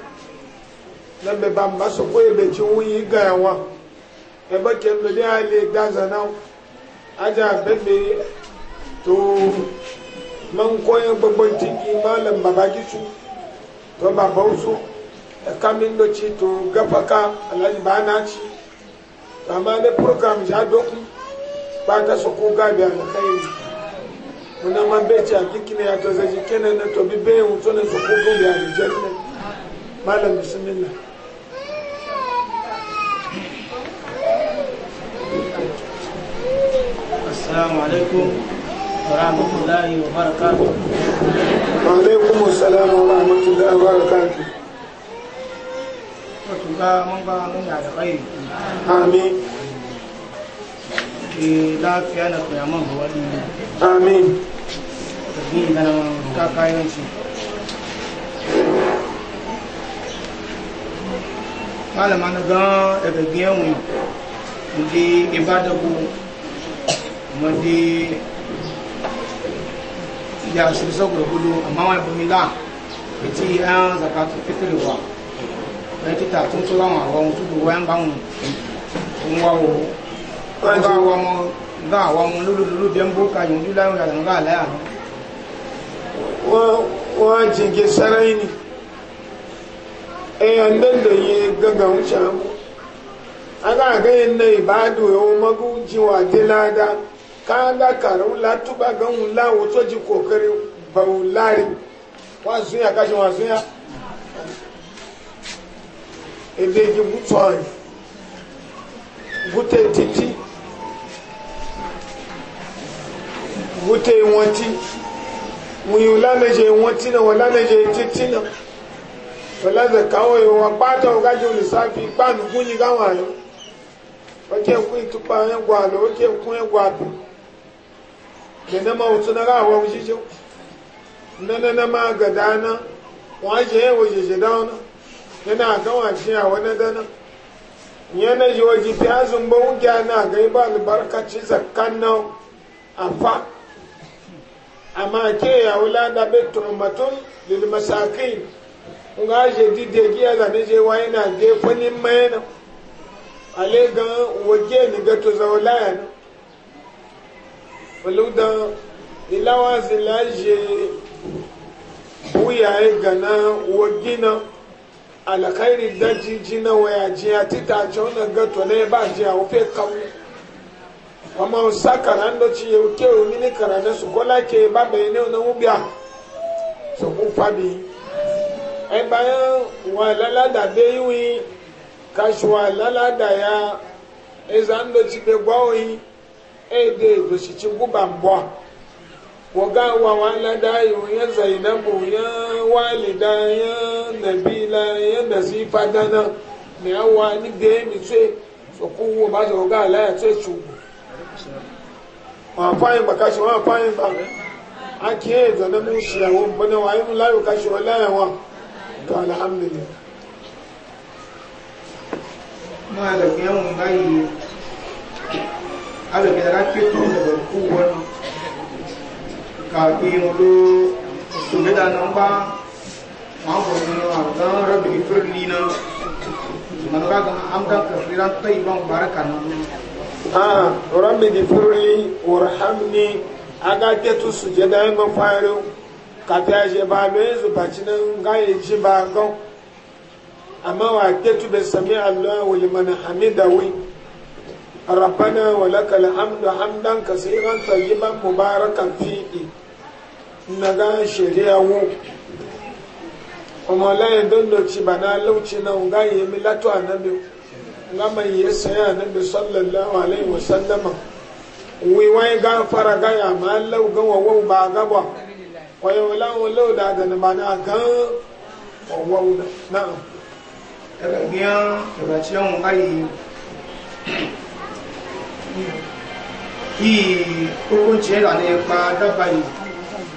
na be ba soko ebe ci wuyi ga yawa ebe kendo a le gaza na aja bebe to man koyan gbogbo tiki malam babagisu to babansu kamin da ci to gafaka alhaji ba na ci amma ne program ja doku ba ta so ko gabi a kai muna man bai ci a kikini ya to zaji kenan na to bi bai wuto na so ko gabi a nijar ne malam bismillah assalamu alaikum wa rahmatullahi wa barakatuh wa alaikum assalam wa rahmatullahi tuga mun ba da amin e na kuma man amin da malama na ga daga giyanwu ndi ibadagu madi ya shi sogoro gudu amma wani bumila yi yan zakatu fitirwa ẹtí ta tó tó láwọn àwọn ohun tó gbogbo wá ń bá wọn ń wá o ń bá wọn mọ ń bá àwọn ọmọ lólólóló bí ń bó ka yòó ní láwọn yàrá ńlá àlẹ́ àná. yi jìnkì sára yìí ni èèyàn dẹ́ndẹ̀ yìí gángan ń ṣàmú aláàgá yìí ní ìbádùn ẹ̀wọ̀n mọ́gún jíwọ̀n àdé ládàá káàdà kàrún látúbà gánwùn láwọn tó jí kòkèrè bàwùn láàrin wọ́n sún yà káṣí wọ́n sún yà. ebeji butwani bute titi bute iwọnti wuyi lálejò iwọnti na wọn lálejò titi na wọn lálejò káwọ ìwọn pátá ọgájọ olùsáfi páànù gúnyi káwọn àyọ wọn jẹ kún ìtúpa ẹgbọ àlọ wọn jẹ kún ẹgbọ àbí kẹnẹmọ òtún náà àwọn òṣìṣẹ nẹnẹnẹ máa gàdá náà wọn á jẹ ẹwọ jẹjẹ dáwọn náà. yana gawa shi a wani dana yana yi waje ta zumba wuya na gai ba albarkaci zakkan nan a fa amma ke ya wula da bai turmatun lilmasakin nga je dide giya da ne je waye na je fanin mai na ale ga waje ni ga to zawla ya na faluda ilawa zilaje gana ga na alkhairi daji jina waya jiya ta ce wannan gato ne ba jiya wufe kawo wama sakara ndo ci ye ke o mini kara ne sokola ke ba be ne na ubia so ku fabi e ba wa lalada da be kashi wa lalada ya e za ndo ci be gwa o yi e de go ci ci guba mbo waga wa wala dayo ya zainabu ya walida ya nabila ya nazifa dana ni awa ni de mi tse so ku wo ba jo ga la ya tse chu wa fayin ba kashi wa fayin ba ake e da na mu shi awo ba na wa yi mu layo kashi wa layo wa to alhamdulillah ma da ga mu ga yi ala ga ra ke to da ku wannan kàkí wọn ló sòmẹ́dà nọ́mbà wọn bọ̀ nínú àgbọn rẹ́bì fẹ́rẹ́ nínú mọ̀nàbà gan amdá kẹfìrà tẹ́ ìbọn bàrẹ́ kàná. ah rẹ́bì fẹ́rẹ́ wọ̀rọ̀hámi agagẹ́tù sùjẹ́dá ẹ̀ mọ́ fáyẹrẹ́ kàtí àṣẹ bá lóyún zùbàtí náà ń amma wa ketu da sami Allah wa liman hamidawi rabbana wa lakal hamdu hamdan kaseeran tayyiban mubarakan fihi naga shari'a wo kuma layin dondoci ba na lauci na nga yi mi lato anabi nga mai yi sayi anabi sallallahu alaihi wasallama wiwai ga fara gaya ma lau ga wawo ba gaba kwayo lawo lau da gani ba na gan wawo na na'am daga biyan kibacin ayi yi hukunci yana ne ba dabba yi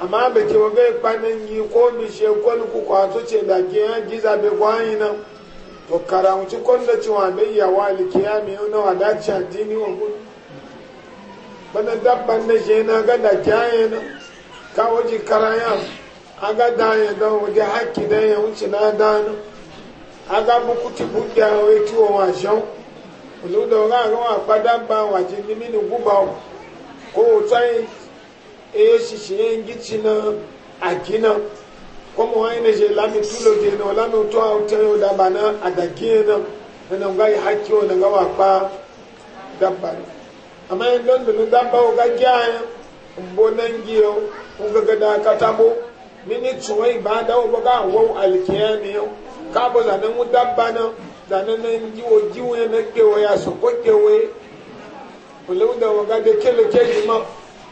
amma bai ce wa gai kwanan yi ko mi she ku kwato ce da ke yan giza bai kwayi nan to karamci kwanda ci wa bai ya wa likiya mi yi na wadaci addini wa gudu bana dabban na she na ga da kyaye nan ka waje karayan a ga da ya da waje haƙƙi da ya wuce na da nan a ga bukuti buɗe a wai ciwo wa shan olu da wa ga wa kwadabba wa jini mini guba ko tsayin e shishiyen gici na a gina kuma wani na je lami tulo de na lami to a wuta yau da na a da gina na na ngai hakki wa na gawa kpa dabba amma yin don da nun dabba wa gajiya ya mbo nan giyo kun ga da ka tabo mini tsuwai ba da wa ga wau alkiyami yau ka bo zanen mu dabba na zanen nan giwo giwo ya na kewa ya so ko kewa kullum da waga da kele yi ma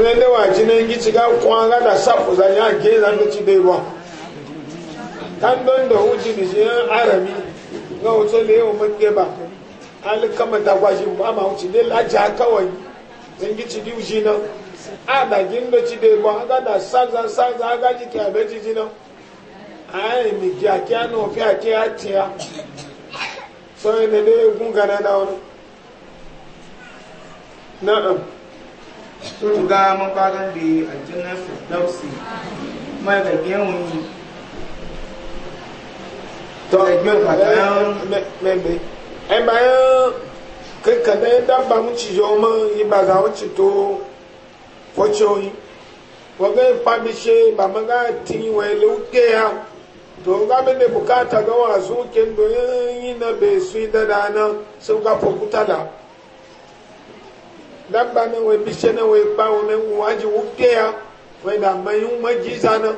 ina da waji na yi ci ga kwan ga da safu za ya ge za ni ci dai ba kan don da huji ni shi arami ga wato le yau mun ge ba alikama da kwashi ba ma huci dai laja kawai zan yi ci ji na a da gin da ci dai ba ga da saza saza ga ji ki abeji ji na a yi mi ki a ki akia no fi akia tia so ne dai gun ga na da wani na'am tutu ga mun bi aljanna firdausi mai ga gewun to egbe fatan mebe ai bayan kai ka da dabba mu ci yo mo yi ba ga wuci to focho yi waga fa bi she ba ma ga tin wa lu ke ya to ga be de bukata na be su da dana su ga da dabba ne wai bishe na wai ba wa waji wuke ya wai da mayin majiza na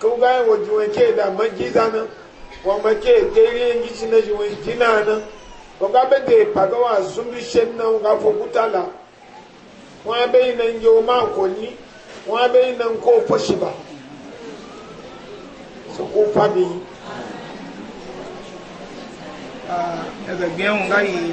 kau ga wa juwa ke da majiza na wa ma ke kere yin gici na juwa jina na wa ga be de pagawa sun bishe na ga fo kutala wa be nan yo ma ko ni wa be nan ko fashi ba so ko fabi ah ezagbe un ga yi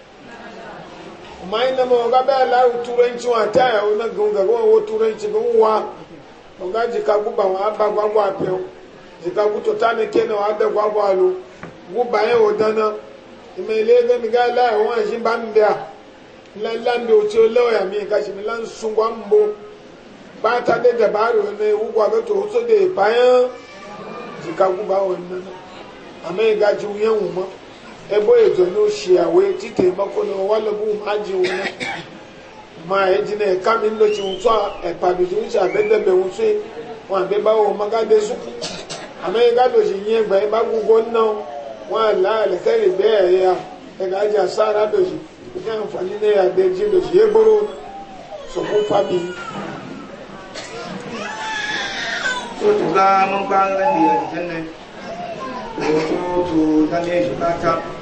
kuma na ma ga ba la turanci wa ta ya ona gunga go wo turanci go wa ga jika guba wa ba gwa gwa pe jika guto ta ne kene wa da gwa gwa lu guba e o dana imele ga mi ga la wa jin ba mbia la la mbi o ti o lo ya mi ka shi mi lan sungwa mbo ba ta de da ba ro ne u gwa ga to so de pa yan jika guba o nana ame ga ju yan wo mo ebo ezo no shi awe tite mako no wala bu maji wona ma eji na ka mi lo chi unso e pa bi ju sha be de be unso wa be ba o maga de su ama e ga do ji yin gba e ba gu go na wa la le ka ri e be ya e ga ja sara do ji ke an fani ne ya de ji do ji e boro so ko fa bi to ga mo ba le bi ya e jenne to to ta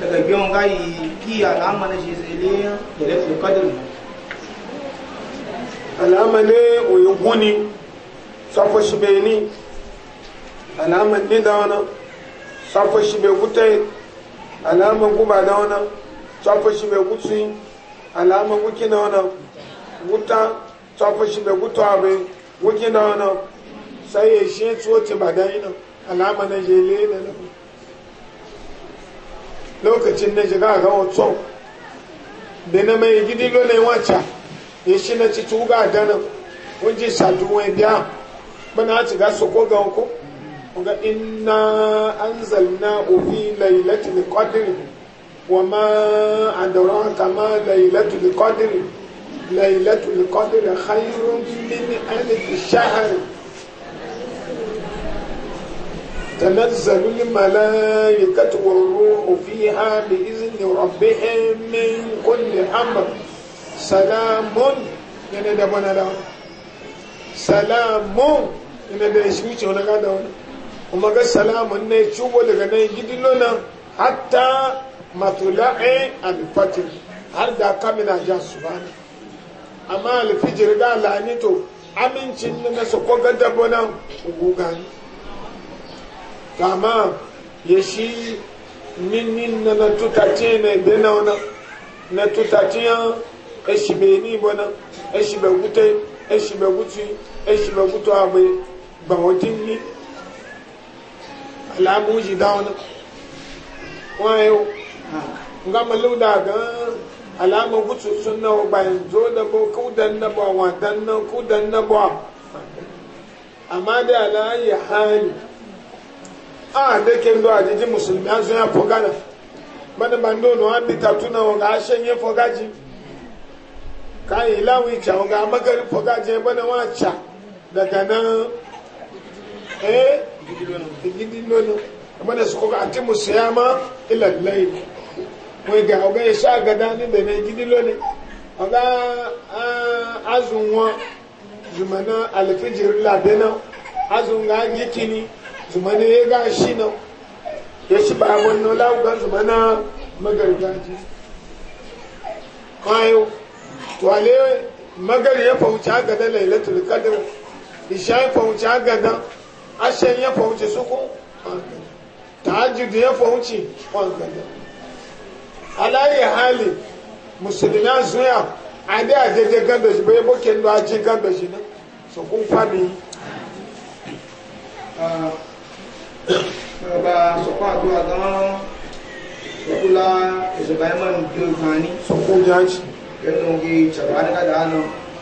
daga biyan gayi kiya da amana shi zai da lafi kadin al'amane oyi guni safo shi bai ni al'aman ni da wani safo shi bai gutai al'aman guba da wani safo shi bai gutsi al'aman guki da wani guta safo shi bai gutu abu guki da wani sai ya shi tsoci ba da yi nan al'amanin jele da lokacin na jiga ga wato da na mai gidi lole wacca ya shi na cici uga danan wajen sadu wai biya muna ci ga su koga ko ga inna anzalna fi lailatul qadr wa ma adraka ma lailatul qadr lailatul qadr khairun min alf shahr تنزل الملائكة والروح فيها بإذن ربهم من كل أمر سلام من دبنا لا سلام من دشويش هنا كذا وما قال سلام من شو ولا كنا يجدلنا حتى مطلع الفجر har da kamina ja su أما amma alfijir ga lanito amincin na su ko gadabo nan guga ne kama ya shi ninnin na na tutace na ebe na wani na tutace ya eshibe ni bana eshibe gute eshi gutu eshibe gutu abe ba wajen ni alamu ji da wani wayo e, nga malu da ga alamu gutu sun na ba e, zo da bo dan na ba wa dan na ku dan na ba amma da alayi hali Ah, a da ke ndo ajiji musulmi an sun ya fogana ba bando no an bita tuna wanga a nye fogaji ka yi lawi ca wanga a magari fogaji na wa ca daga nan eh gidi nono bani su koga ati musayama ila lai wai ga oga ya sha gada ni da ne gidi lone oga ah, azun wa zumana alfijir ladena azun ga gikini zumani ya ga shi nan ya shi ba wannan lagugan zumana magargaji kwayo wale magar ya fauci aga da lailatul qadr isha ya fauci aga da ashen ya fauci suku tahajjud ya fauci wanga da alayi hali musulmi zuya a da ajeje gada shi bai lo a aji gada shi nan so kun fadi ah. ọba sọ̀kọ́ àdúrà gan-an kula ìṣèbáyémọ́ni bí o kan ní. sọ̀kọ́ jáde. kẹ́kọ̀ọ́ ń gbé ìṣàbá nígbàdá náà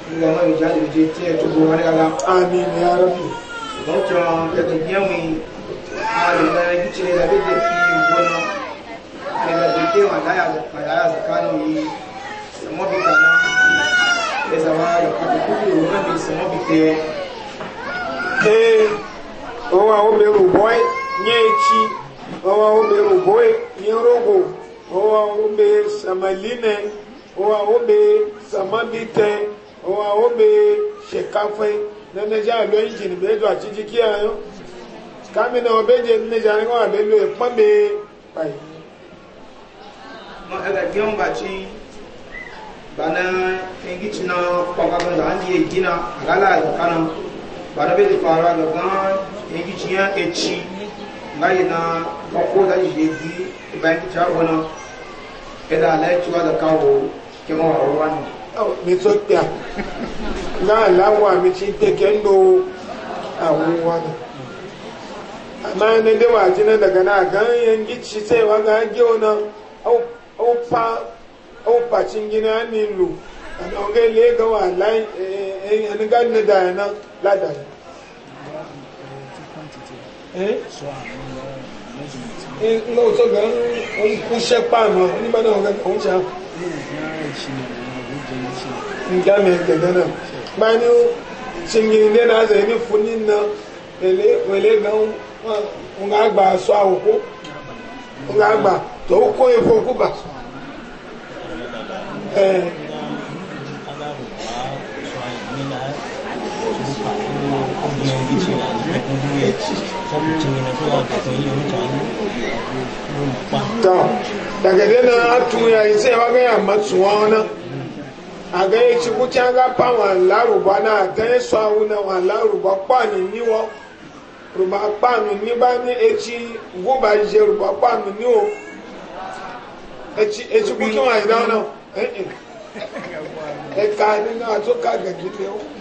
nígbà máa yóò jáde lójú tí ẹ̀ tó gbọ́ wá nígbàdá. àmì ni ara mi. ìgbà tó ń kẹ́kọ̀ọ́ bí ẹ̀wọ̀n yìí ààrẹ ìlànà ìdíje ní ìlàbẹ́jẹ̀ fi ìwọ náà àìlà wọn àwọn mẹ́rù nye nyẹ́ etí wọn àwọn mẹ́rù bọ́ẹ̀ yẹ́rọ̀gbò wọn àwọn mẹ́ sàmàlínẹ̀ wọn àwọn mẹ́ sàmàbítẹ̀ wọn àwọn mẹ́ sẹ̀káfẹ́ nẹ́nẹ́jà lọ ìjìnì bẹ́ẹ̀dọ̀ àtijì kí ayọ́ kámínà ọbẹ̀jẹ̀ nẹ́nẹ́jà ni wọ́n àbẹ́lò agala kana bana yanki ciya eci ngayi na ko da shi yezi bayan ki ciya wani ida alayi e da kawo kima wa ruwa ne mi so na alawa mi ci te kendo a wuwa ne amma ne da waje na daga na gan yanki ci sai wa ga hangi wani au gina ni lu ana le ga wa lai eh ga ne da na la da lóòótọ́ gan ń kúṣẹ́ páàmù nígbà náà wọ́n kẹ́kọ̀ọ́ ń ṣá. nga mi gẹ̀gẹ́ náà báyìí ní ṣìngìn ilé náà ṣe ní fún ní na èlé gan ń gà gbà sọ àwòkó ń gà gbà tó kó èfó kú bà. Abbiamo avvicinato le convivenze, daga dana atuya ise baga ya matsuwana aga ya ci kuta ga pa wa laruba na ta ya so awuna wa laruba pa ni ruba pa e pa e e na e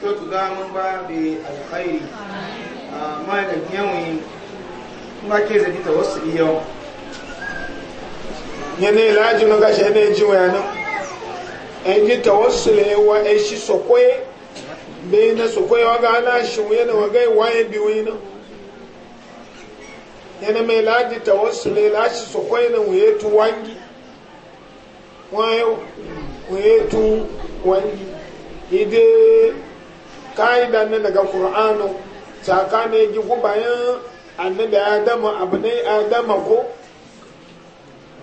to tuga mun ba bi alkhairi amma da yawon ba ke zabi ta wasu yau yanayi laji na gashi ji ji ta wasu shi wa ga shi bi laji ta wasu le tu wangi tu wangi ide ka'ida ne daga qur'anu tsakanin ji ku bayan annabi adama abu ne adama ko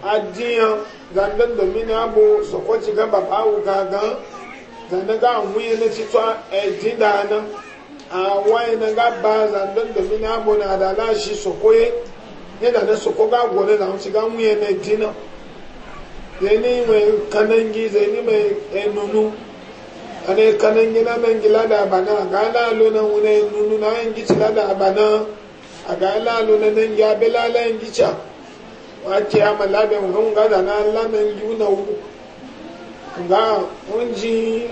ajiya gandun domin abu bu ko ci gaba bawu gagan zandan ga amuyi na ci tsa eji da nan a waye na ga ba domin ya abu na da lashi soko ye ne da na soko ga gore na hunci ga amuyi na eji na zai ni mai kanangi zai ni mai enunu ane kanan gina nan gila da bana a ga lalo na wune nunu na yin gici la da bana a ga lalo na nan ya bi lalayen gica wa ke ama labe mun ga da na la yuna wu ga mun ji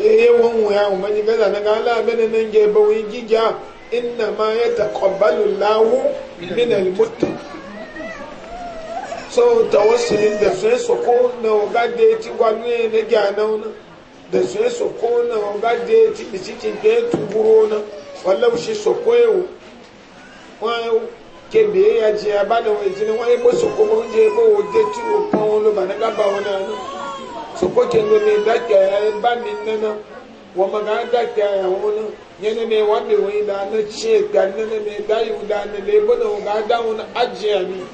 e, e won ya mun ji ga da na ga lalo na nan ge ba wi giga inna ma ya yataqabbalu Allahu min al-muttaqin so tawassulin da sai soko na ga da ti gwalu ne ga nan da su soko na ga je ti bi cikin ya je ya ba da wani jini wani soko ba o de o pon wani ba na gaba wani ano soko ke no ne da ke ya ba ni nana wa ma ga da ke ya wani yana wani da na ce ga nana ne da yu na ga da wani ajiya ni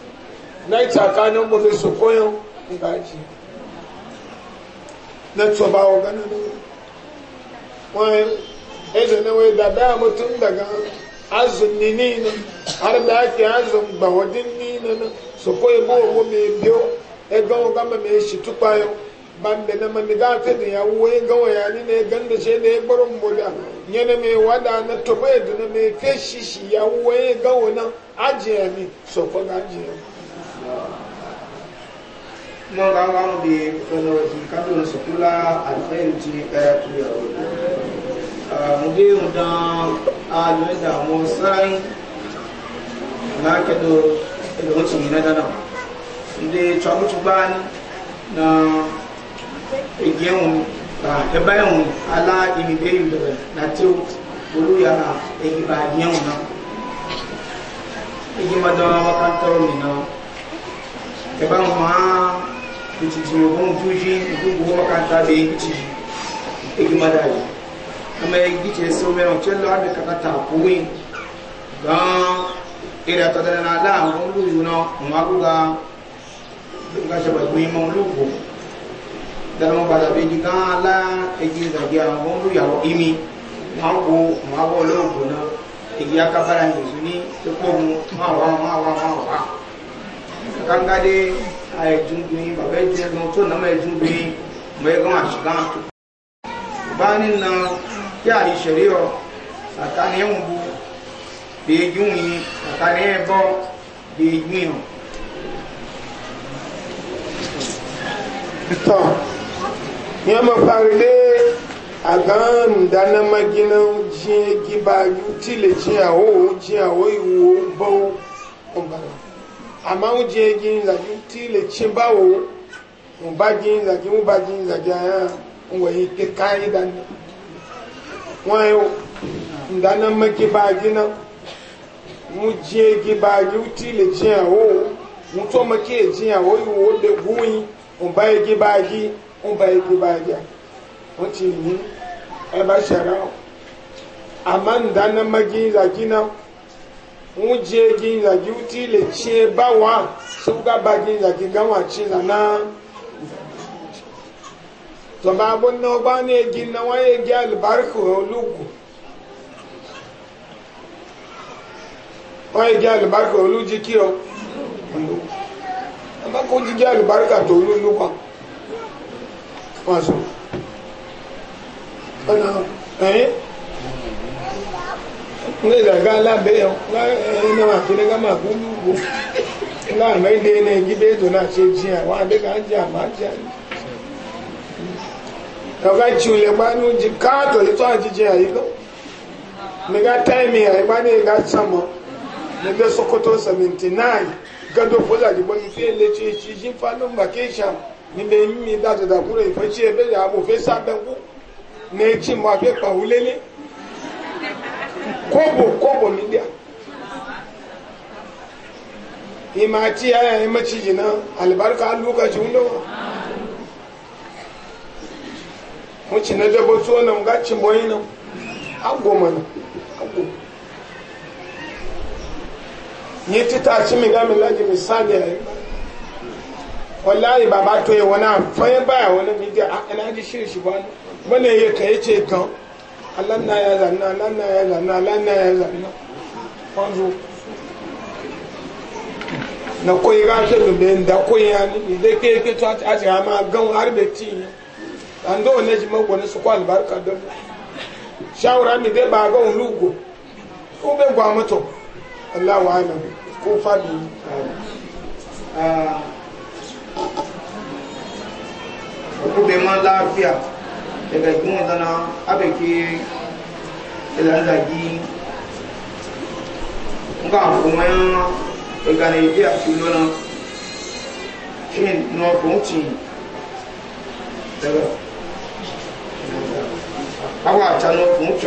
na tsakanin mu soko yau ga ajiya na ba wa ganin wani ɗaya na wai da daya mutum daga azumi ni na har da ake azum gbawadin ni na na so ko ebo owo mai biyo ebe o gama mai shi tukpa ban da na mani gafe da ya wuwa gawa ya ni na gan da ce da ya gbaro mboda nye na mai wada na tobo ya na mai fe shi shi ya wuwa gawa na ajiya ni so ko ga ajiya lọ́n bá wà lóde ọ̀nà òjì k'ad'a sọ̀kúlá àdúgbẹ́ ti ẹ̀rọ d'a yà wọ́n. Àmúdé ń dán àlùmẹ́dà mọ́ sáyìn lákẹ́dọ̀ ẹ̀dọ̀wọ́n ti yìí na náà. Ndé tsọ́kútù bá ni na èdè ẹ̀hún na ẹ̀bá ẹ̀hún alá ìmìgbé ìbẹ̀rẹ̀ láti olóyà na èyíba ẹ̀hún náà. Èyí máa dán wákàtí ọ̀rọ̀ na náà. Ẹ̀bá mu máa kici ji ogun fushi ogun gugu makanta da ya kici igima yi kaka takuwi ira ta na la mun luju na ga ga shi ba kuyi mun lugu da mun ba ga la e ya imi magu magu lugu na e gi aka bara ni suni to ko mu ayé dundun bàbá yìí tiẹ̀ gan tó nàmà yẹ dundun mọ̀ yẹ gan àṣìkan bá nínú kí àyè ṣẹ̀rí ọ àmọ́ ń jẹ igi ìzàgí tí lè ṣe báwo ń bá jí ìzàgí ń bá jí àyàn ń wọ̀ yìí ké káyé dání wọ́n yóò ń dáná náà igi lè àwọ̀ àwọ̀ yìí gún yìí ń bá igi ń bá igi wọ́n ti yìí ẹ bá àmọ́ ń dáná náà. wuje gi zagi uti le tse bawa suga bagi zagi gawa tse zana tọba abo na ọba na egi na wa egi alibarika olugu wa egi alibarika oluji kiro olu ọba kò jíjẹ alibarika tó olu wọn so ọ̀nà ẹ̀yìn. n'oge daga labe yau na yana mafi na gama gugu na mai da yana yi bai dona wa ma ba ji kato ito a jiya yi ko ne ga ya ba ne ga sama ne ga sokoto 79 gado fula di bo ife le ce ci ji ni mi da da kuro e fe sa ku ne fe pa wulele kobo kobo libya imati ya yi maciji na albarka lokacin lowa wuce na dabo tsohon gacin boyi nan agbo mana agbo yi ti ta ci miga mi laji sadi a yi wallahi baba to yi wani amfani baya wani midiya ina ji shiri shi ba wani ya kai ce gan Allah na ya zanna Allah na ya zanna Allah na ya zanna wanzu na koyi ga shi da da koyi ya ni da ke ke to a ji ma gan har be ti an do ne ji ma gona su ko albarka don shawara mi de ba ga lugo ko be gwa mato Allah wa alam ko fadi ah ko be ma lafiya daga kun zana abeke idan nga kuma daga ne biya filona shin no kunci daga awa ta no kunci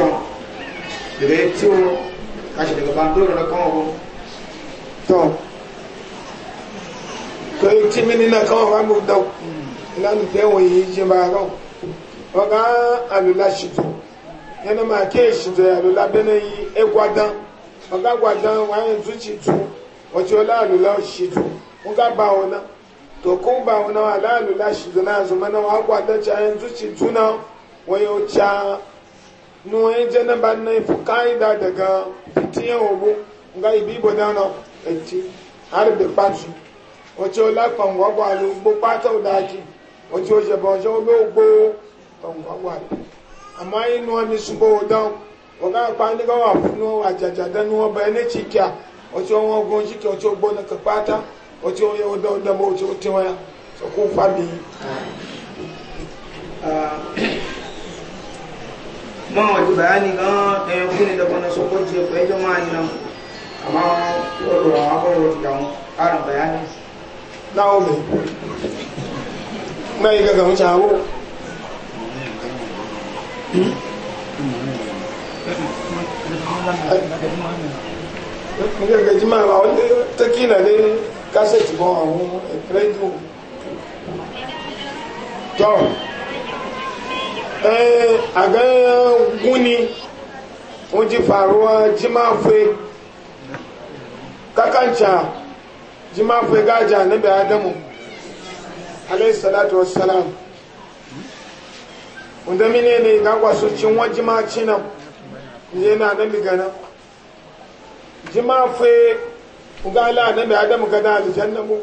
daga tiwo kashi daga bandoro na kawo to to yi timini na kawo ba da ina nufin yi jin ba kawo waga alula shito yana ma ke shito ya alula bene yi egwadan waga gwadan wayan zuci tu wace wala alula shito waga ba wana to kun ba wana wala alula shito na zuma na wa gwadan ca yan zuci tuna wayo ca nuwa jana ba na ifu ka'ida daga fitiyan obo nga ibi ibo dana eti har da patu wace wala kan wagwalu gbogbo pata odaki wace wace ba wace wala gbogbo gbangba amma yi nuwa mi subo wodan waga kpani ga wa funu ajaja da nuwa bɛ ne cikiya wato wọn gun cikiya wato gbona ka kpata wato yẹ wodan wodan ba wato tiwa ya so e, ko fa bi. mọ ọdún bayani gan ẹyọ fún ni dọkọ náà sọkọ jẹ pẹjọ máa ní náà àmọ ọlọrọ àwọn akọrọ ti dà wọn kárùn bayani. náà ó mi mẹ́rin gẹ́gẹ́ ń ṣe àwọn. nígbà gajima àwọn ní tẹ́kínà ní kásẹ̀tì faruwa jimáfẹ́ kakanca jimáfẹ́ gájà adamu alayhi salatu wassalam salam wanda mine ne ga kwaso cin wa jima cinan yana na migana jima fe ugala na mai adam ga da aljanna mu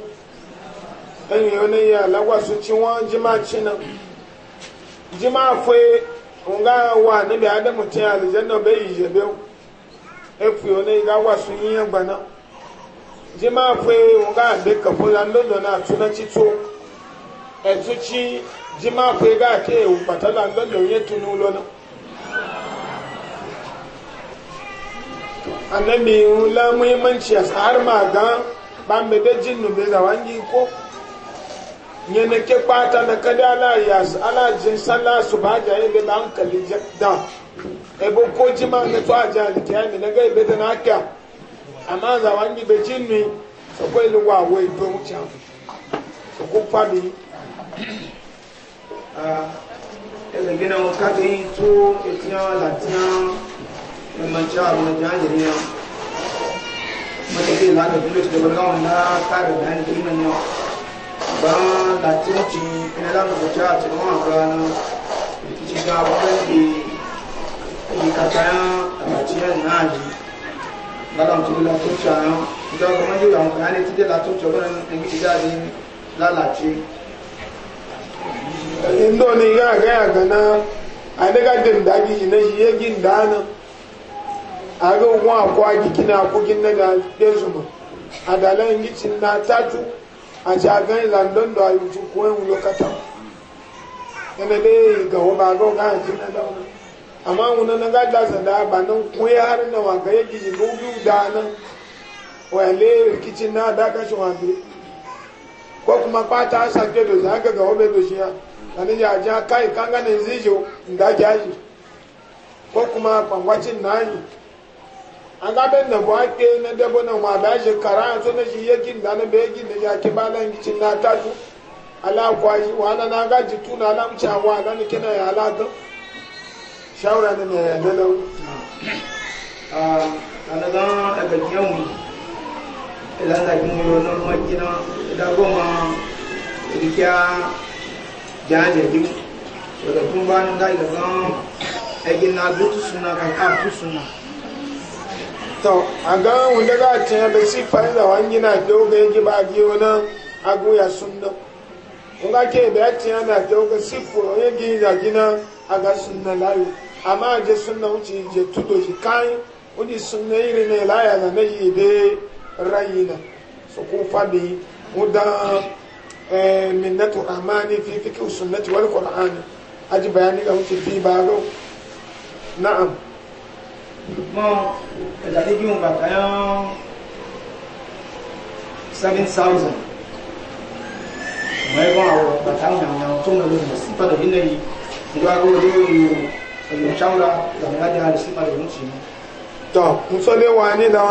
dan yo ne ya lagwa su cin wa jima cinan jima fe unga wa na mai adam ta aljanna bai je be e fu yo ne ga kwaso yin gbana jima fe unga de kafo lan na tunan to e jima kwe ga ke patala ngallo ye tunu la muhimmanci a har ma ga da jinnu be ga wangi ko nye ne ke pata na kada ala ya ala jin sala da e bo ko jima ne to ni ke ga be da na ka amma za wangi be so ko ilu wa we do cha so ko ẹgbẹ̀gbẹ̀nà káàkiri yìí tó etíyàn latina ẹmọ̀já àwọn ọjà yìí yàn mọ̀tẹ́kì ìlànà ìpínlẹ̀ tó dẹ̀bọ̀n káwọn náà káàrẹ̀ náà ní ìlú náà gbọ́n latina ti ìpínlẹ̀ lánà ọjà àti wọn àgbà náà ti gba ọgbẹ́ ìdè ìkàtà àbàtì ẹ̀ náà yìí lálàmù tó dé látó tí a yàn ìjọba ọmọdé àwọn kan á ní títẹ̀ látó tí ọgbọ́n yi la lálàtì. Indo ne ga ga ya gana a ne ga din da gi ne shi yegi dana a ga wa kwa gi kina ku gin na da dezu mu a da lan gi cin na tatu a ja ga London da yu ju ko en lokata ene de ga o ba ga ga ji na da amma wuna na ga da sada ba nan ku ya har na wa ga yegi ji go bi dana wa le kicin na da ka shi wa ko kuma kwata sa ke do za ga ga o be do shi ya ani ya ja kai kanga ne zijo nda jaji ko kuma kwangwacin nani an ga ben na bo ake na dabo na ma da shi kara to na shi yakin da na be yakin da ya ke balan gicin na ta tu ala kwaji wala na ga jitu na na mcha wala ni kina ya ala to shawara ne ya dalo ah ana da daga yau idan da kin yi wannan makina da goma rikiya jajajin daga kun banin gai da zan egin na bitu suna kan afu suna to a ga wanda ga ce ya si fari da wani na doga na sunna kun ga ke na doga si da gina a sunna layu amma je sunna je tudo kai sunna iri ne laya na yi rayina Eh, minnatu rahmani fi fiqh sunnati wal qur'an aji bayani ga wuce fi baro na'am mo da dai mu ba kayan 7000 mai ba wa ba ta nan nan tun da mun sifa da yanayi ga go da yi yi shawara da mun ga da sifa da mun ci to mun so le wani da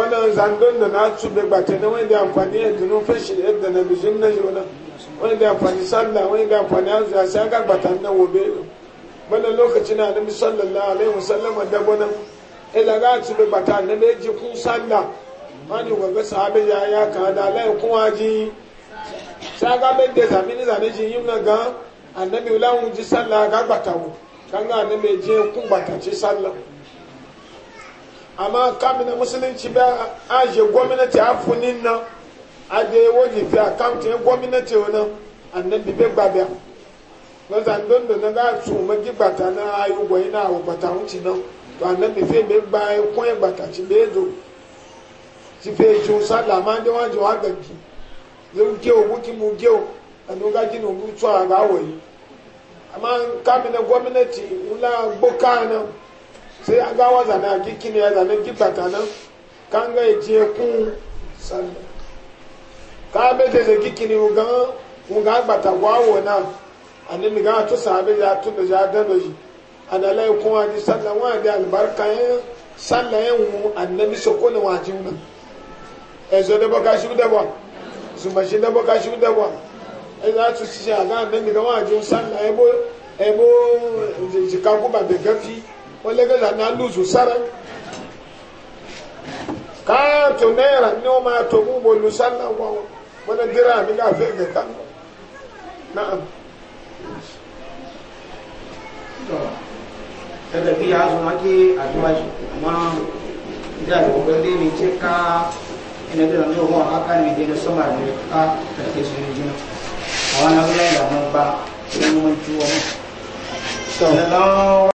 mana zangon da na tube gbata na wani da amfani da dunun fashi yadda na bishin na shi wani da amfani sallah wani da amfani azu ya sai e ga gbata na wobe mana lokaci na nabi sallallahu alaihi wasallam da bana ila ga tube gbata na be ji kun sallah mani waga sahabe ya ya ka da lai kuma ji sai ga be da zamini zane ji yin na ga annabi ulawun ji sallah ga gbata wo kanga ne me je kun gbata ci sallah amma kamina musulunci ba a je gwamnati a funin nan a da ya waje fi akamtin gwamnati wani annabi bai gbabiya na zandon da na ga su magi bata na ayu gwai na awu bata wuce nan to annabi fai bai gbaye kwanye bata ci bai zo ci fai ci wusa da ma da waje wa gaggi zai gewo buki mu gewo a nuga gina mutuwa ga wayi amma kamina gwamnati wula boka nan sai ya ga wa zane a gikini ya zane gibata nan kan ga ya ce kun sallah ka be da da gikini ga mun ga bata gwawo na annabi ga to sahabe ya to da ya da shi analai kuma ji sallah wani da albarka ya sallah ya mu annabi sokole wajin nan ezo da baka shi da ba zuma shi da baka shi da ba ai e za su ci ga annabi ga wajin sallah ebo ebo e jikaku ba da gafi wale ga zana luzu sara ka to naira ne ma to mu bo lusalla wa wani dira ni ga fe ga kan na'am kada bi ya zuma mi ce ka ina da no ho aka ni da sama ne ka ta ke su ne jina awana ga da mun ba mun mun